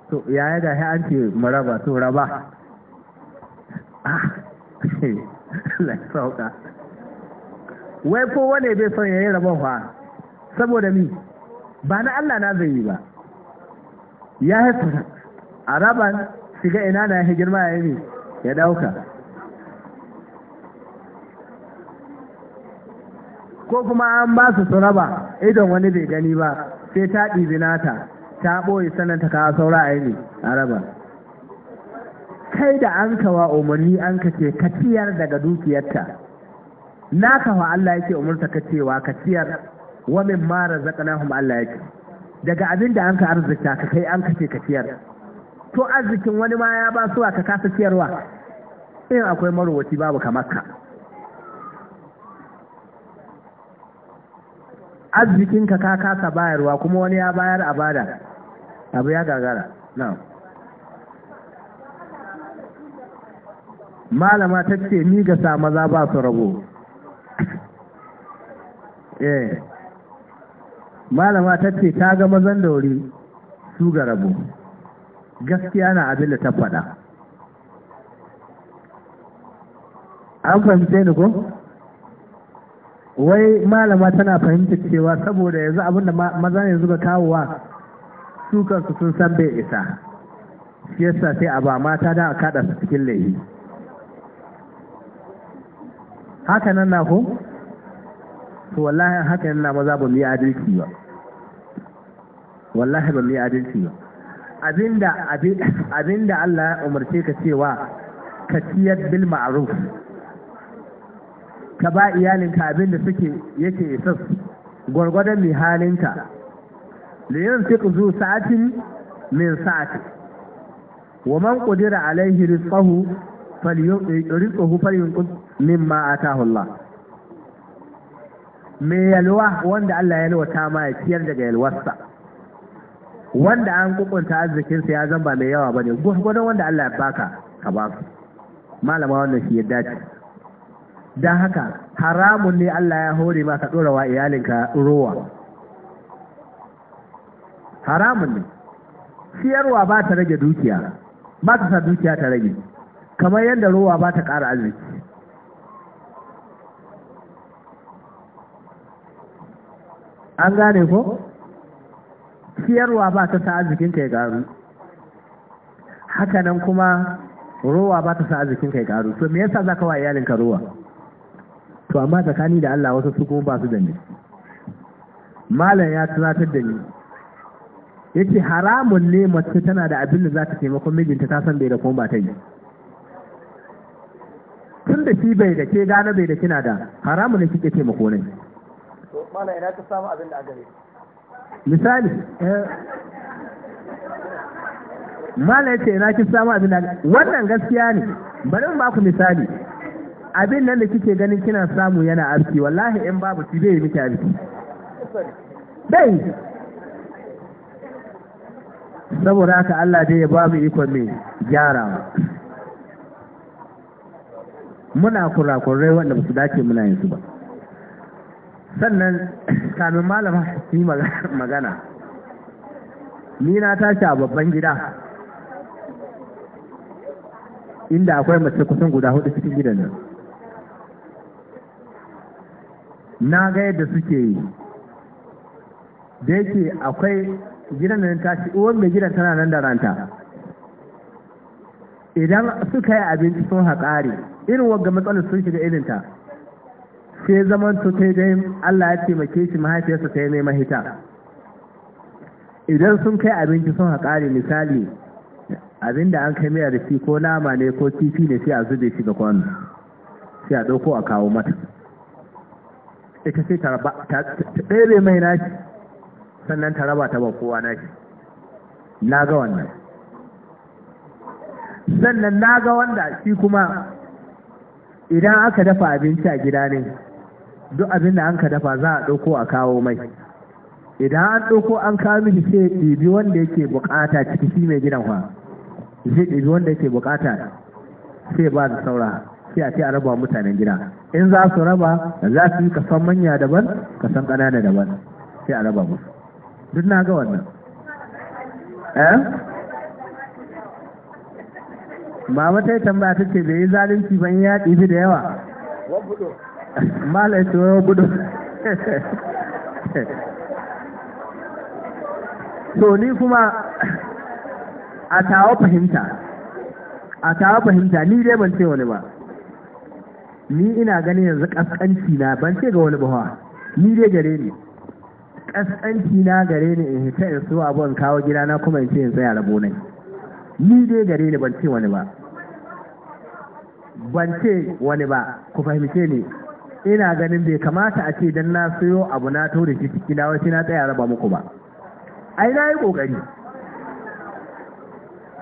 to yaya gashi an ce mu raba to raba ah, sauka wai ko wane bai son yayin rabon fa saboda mi ba na Allah na zai yi ba ya haifu a shiga ina na ya girma ya yi ya dauka ko kuma an ba su su raba idan wani bai gani ba sai ta ɗibi nata ta ɓoye sannan ta kawo saura a yi a kai da an kawa umarni an ka ce ka ciyar daga dukiyarka na kawa Allah yake umarta ka cewa ka ciyar wa min ma razaqnahum Allah yake daga abin da an ka arzika ka kai an ka ce ka ciyar to arzikin wani ma ya ba suwa ka kasa ciyarwa in akwai marwaci babu kamar ka arzikin ka ka kasa bayarwa kuma wani ya bayar a bada abu ya gagara na'am malama ta ce ni ga sa maza ba su rabo eh malama ta ce ta ga mazan da wuri su ga rabo gaskiya na abin da ta faɗa an fahimce ni ko wai malama tana fahimta cewa saboda yanzu abin da maza yanzu ga kawowa su kansu sun san bai isa shi yasa sai a ba mata da a kada su cikin laifi haka nan na ko to wallahi haka nan na maza ba mai yi adalci ba wallahi ba mai adalci ba abinda abinda Allah ya umarce ka cewa ka ciyar bil ma'ruf ka ba iyalinka abinda suke yake isa gwargwadon mai halinka da yin fi zu sa'atin min sa'ati wa man qudira alaihi rizqahu falyunfiq rizqahu falyunfiq mimma atahu Allah me yalwa wanda Allah ya yalwata ma ya ciyar daga yalwarsa wanda an kukunta arzikinsa ya zamba mai yawa bane gwargwadon wanda Allah ya baka ka ba su malama wannan shi ya dace Dan haka haramun ne Allah ya hore ma ka wa iyalinka ruwa haramun ne siyarwa ba ta rage dukiya ba ta sa dukiya ta rage kamar yadda ruwa ba ta ƙara arziki an gane ko siyarwa ba ta sa arzikinka ya ƙaru hakanan kuma rowa ba ta sa arzikinka ya ƙaru to me yasa za ka wa iyalinka rowa to amma tsakani da Allah wasu su kuma ba su da ni malam ya tunatar da ni ya ce haramun ne mace tana da abin da za ta taimakon mijinta ta san bai da kuma ba ta yi tun da shi bai da ke gane bai da kina da haramun ne kike taimako ne to mala ina ka samu abin da a gare misali eh, yace ina kin samu abin da wannan gaskiya ne bari in baku misali abin nan da kike ganin kina samu yana aski wallahi in babu shi zai miki arki dai saboda haka Allah dai ya ba mu ikon mai gyarawa muna kurakurai wanda ba su dace muna yin su ba sannan kamin malama yi magana ni na tashi a babban gida inda akwai mace kusan guda hudu cikin gidan nan na ga yadda suke yi da yake akwai gidan nan tashi uwan mai gidan tana nan da ranta idan suka yi abinci sun haƙari irin wagga matsalar sun shiga irinta sai zaman to ta dai Allah ya taimake shi mahaifiyarsa ta yi neman mahita idan sun kai abinci sun haƙari misali abin da an kai mai da shi ko nama ne ko kifi ne sai a zube shi ga kwano sai a ɗauko a kawo mata ita sai ta ɗebe mai nashi sannan ta raba ta ba kowa nashi na ga wannan sannan na ga wanda shi kuma idan aka dafa abinci a gida ne duk abin da an ka dafa za a ɗauko a kawo mai idan an ɗauko an kawo mishi sai ɗibi wanda yake bukata ciki shi mai gidan fa zai ɗibi wanda yake bukata sai ba da saura sai a ce a raba mutanen gida in za su raba za su yi kasan manya daban kasan ƙanana daban sai a raba musu duk na ga wannan eh mama ta yi tambaya ta ce bai yi zalunci ban ya ɗibi da yawa malam ce wai gudu to ni kuma a tawa fahimta a tawa fahimta ni dai ban ce wani ba ni ina ganin yanzu kaskanci na ban ce ga wani ba ni dai gare ni kaskanci na gare ni in hita in so abu in kawo gida na kuma in ce in tsaya rabo nai ni dai gare ni ban ce wani ba ban ce wani ba ku fahimce ni ina ganin bai kamata a ce don na sayo abu na to da shi ciki na wasu na tsaya raba muku ba ai na yi kokari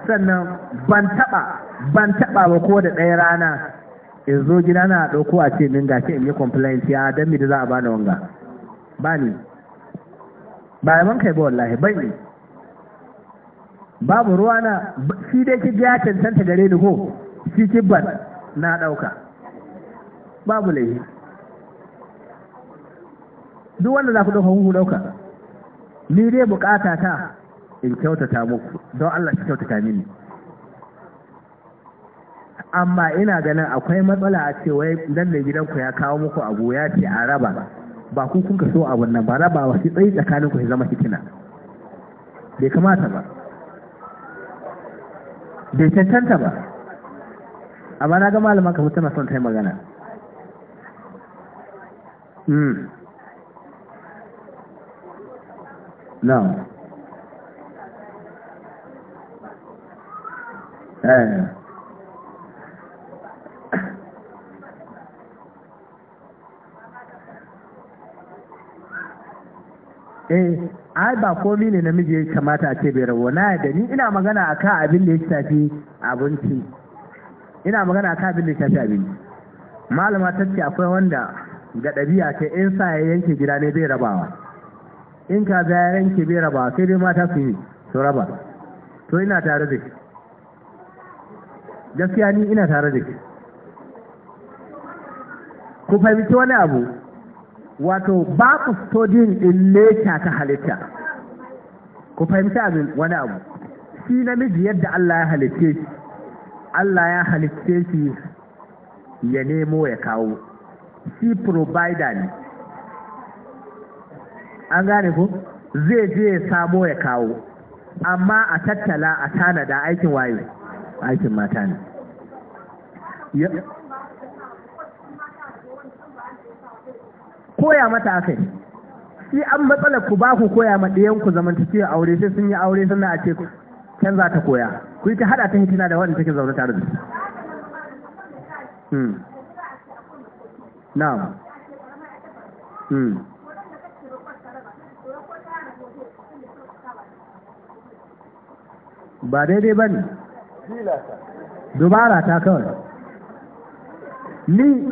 sannan ban taba ban taba ba ko da ɗaya rana in zo gida na ɗauko a ce min gashi in yi complaint ya dan mi da za a bani wanga ba ni ba yaman kai ba wallahi bai ne babu ruwa na shi dai ki ya cancanta gare ni ko shi ban na ɗauka babu laifi duk wanda za ku ɗauka hunhu ɗauka ni dai bukata ta in kyautata muku don Allah shi kyautata mini amma ina ganin akwai matsala a ce wai dan da gidanku ya kawo muku abu ya ce a raba ba ku kun so abun nan ba raba wa shi tsayi tsakaninku ya zama fitina bai kamata ba bai cancanta ba amma na ga malaman kamar tana son ta yi magana hmm. نعم آه. Eh. eh ai ba komi ne namiji ya kamata a ce bai rabo na da ni ina magana akan abin da ya shafi abinci ina magana akan abin da ya shafi abinci malama ta ce akwai wanda ga ɗabi'a ta in sa ya yanke gida ne zai rabawa in ka za ya yanke bai raba sai dai mata su yi su raba to ina tare da ki gaskiya ni ina tare da ke. ku fahimci wani abu wato ba ku studying din ta halitta ku fahimci abin wani abu shi namiji yadda Allah ya halitte shi Allah ya halitte shi ya nemo ya kawo shi provider ne an gane ku zai je ya samo ya kawo amma a tattala a tanada aikin waye aikin mata ne koya mata aka yi an matsalar ku ba ku koya ma ɗayan ku zamantakewa aure sai sun yi aure sannan a ce can za ta koya ku yi ta hada ta hitina da wanda take zaune tare da su hmm. na'am hmm. ba daidai ba ne dubara ta kawai ni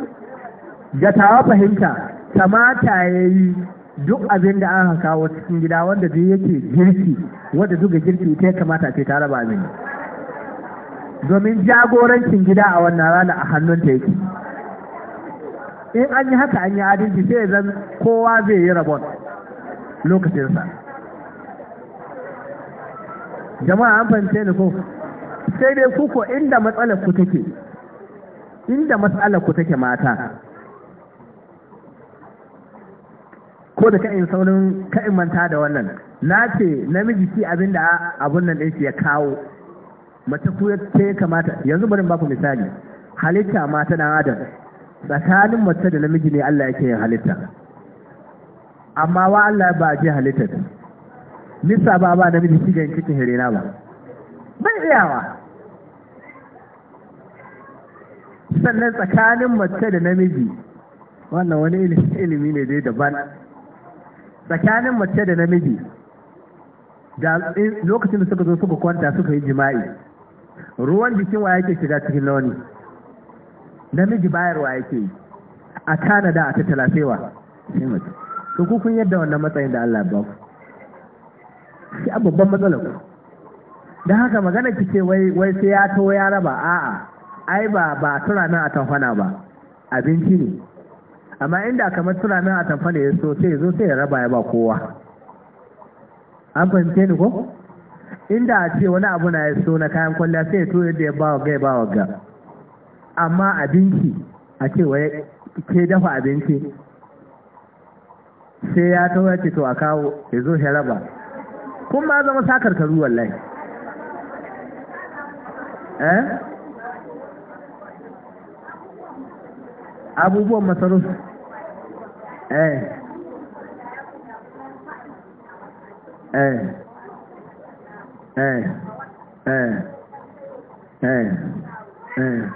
da tawa fahimta kamata ya yi duk abin da aka kawo cikin gida wanda zai yake girki wanda duka girki ta kamata ce ta raba mini domin jagorancin gida a wannan rana a hannun ta yake in an yi haka an yi adalci sai zan kowa zai yi rabon lokacinsa jama'a an fahimce ni ko sai dai ko inda matsalar ku take inda matsalar ku take mata ko da ka'in saurin ka'in manta da wannan na ce namiji ki abin abun nan ɗin ya kawo mace ku ta ya kamata yanzu bari ba ku misali halitta mata na adam tsakanin mace da namiji ne Allah yake yin halitta amma wa Allah ba ji halittar nisa ba ba namiji mini ga cikin herena ba bai iyawa sannan tsakanin mace da namiji wannan wani ilimi ne dai daban tsakanin mace da namiji da lokacin da suka zo suka kwanta suka yi jima'i ruwan jikin wa yake shiga cikin launi namiji bayarwa yake yi a kanada a tattalasewa sai mace kun yadda wannan matsayin da Allah ba ku shi a babban matsalar ku da haka magana ki ce wai sai ya to ya raba a'a ai ba ba tura nan a tamfana ba abinci ne amma inda kamar tura nan a tamfana ya so sai ya zo sai ya raba ya ba kowa an fahimce ni ko inda a ce wani abu na ya so na kayan kwalliya sai ya to yadda ya bawa gai bawa ga amma abinci a ce wai ke dafa abinci sai ya tawar ya ce to a kawo ya zo ya raba kun ma zama sakarkaru wallahi eh abubuwan masarufi eh eh eh eh eh eh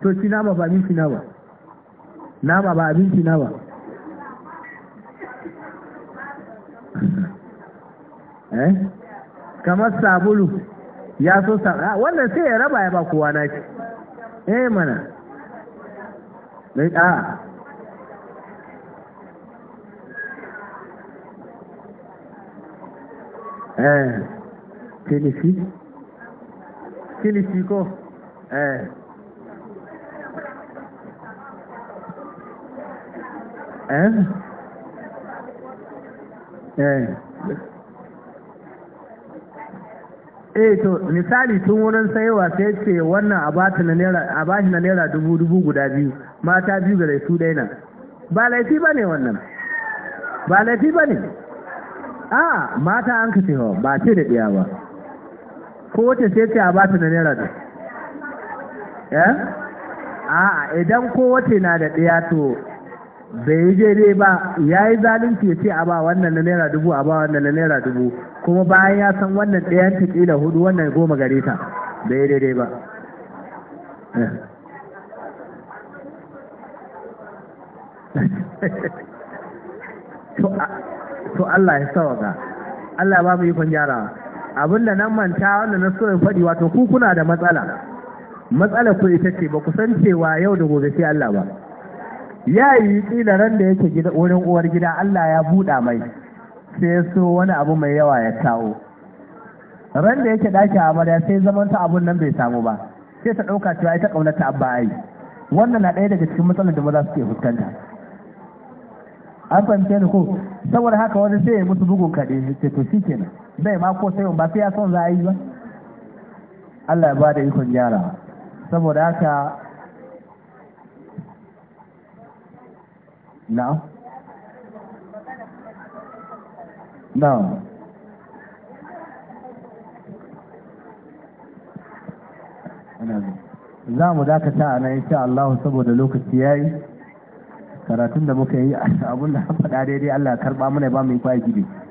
to ba abinci na nama ba abinci na Eh? kamar sabulu ya so sa ah, wannan sai ya raba ya ba kowa na shi eh mana dai a ah. eh kilifi kilifi ko eh eh eh eh to misali tun wurin sayowa sai ce wannan a bashi na naira dubu dubu guda biyu mata biyu ga su daina, nan ba laifi ba ne wannan ba laifi ba ne a mata an ka cewa ba ce da ɗaya ba ko wace sai ce a bashi na naira da eh a idan ko wace na da ɗaya to bai yi dai ba ya yi zalunci ya ce a ba wannan na naira dubu a ba wannan na naira dubu kuma bayan ya san wannan ɗayan ta kila hudu wannan goma gare ta bai daidai ba eh. to Allah ya sawaka Allah ba mu yi kun abin abinda nan manta wanda na so ya faɗi wato ku kuna da matsala matsala ku ita ce ba ku san cewa yau da gobe sai Allah ba ya yi kila ran da yake wurin uwar gida Allah ya buɗa mai sai ya so wani abu mai yawa ya kawo ran da yake daki amarya sai zaman ta abun nan bai samu ba sai ta dauka cewa ita ƙaunata abba ai wannan na ɗaya daga cikin matsalar da maza suke fuskanta an fahimce ni ko saboda haka wani sai ya musu bugun kaɗe ce to shi kenan bai ma ko sai ba sai ya son za yi ba Allah ya ba ikon yara saboda haka na'am za mu dakata a nan insha Allah saboda lokaci yayi karatun da muka yi abun da faɗa daidai Allah karɓa mana ba mu yi kwa gidi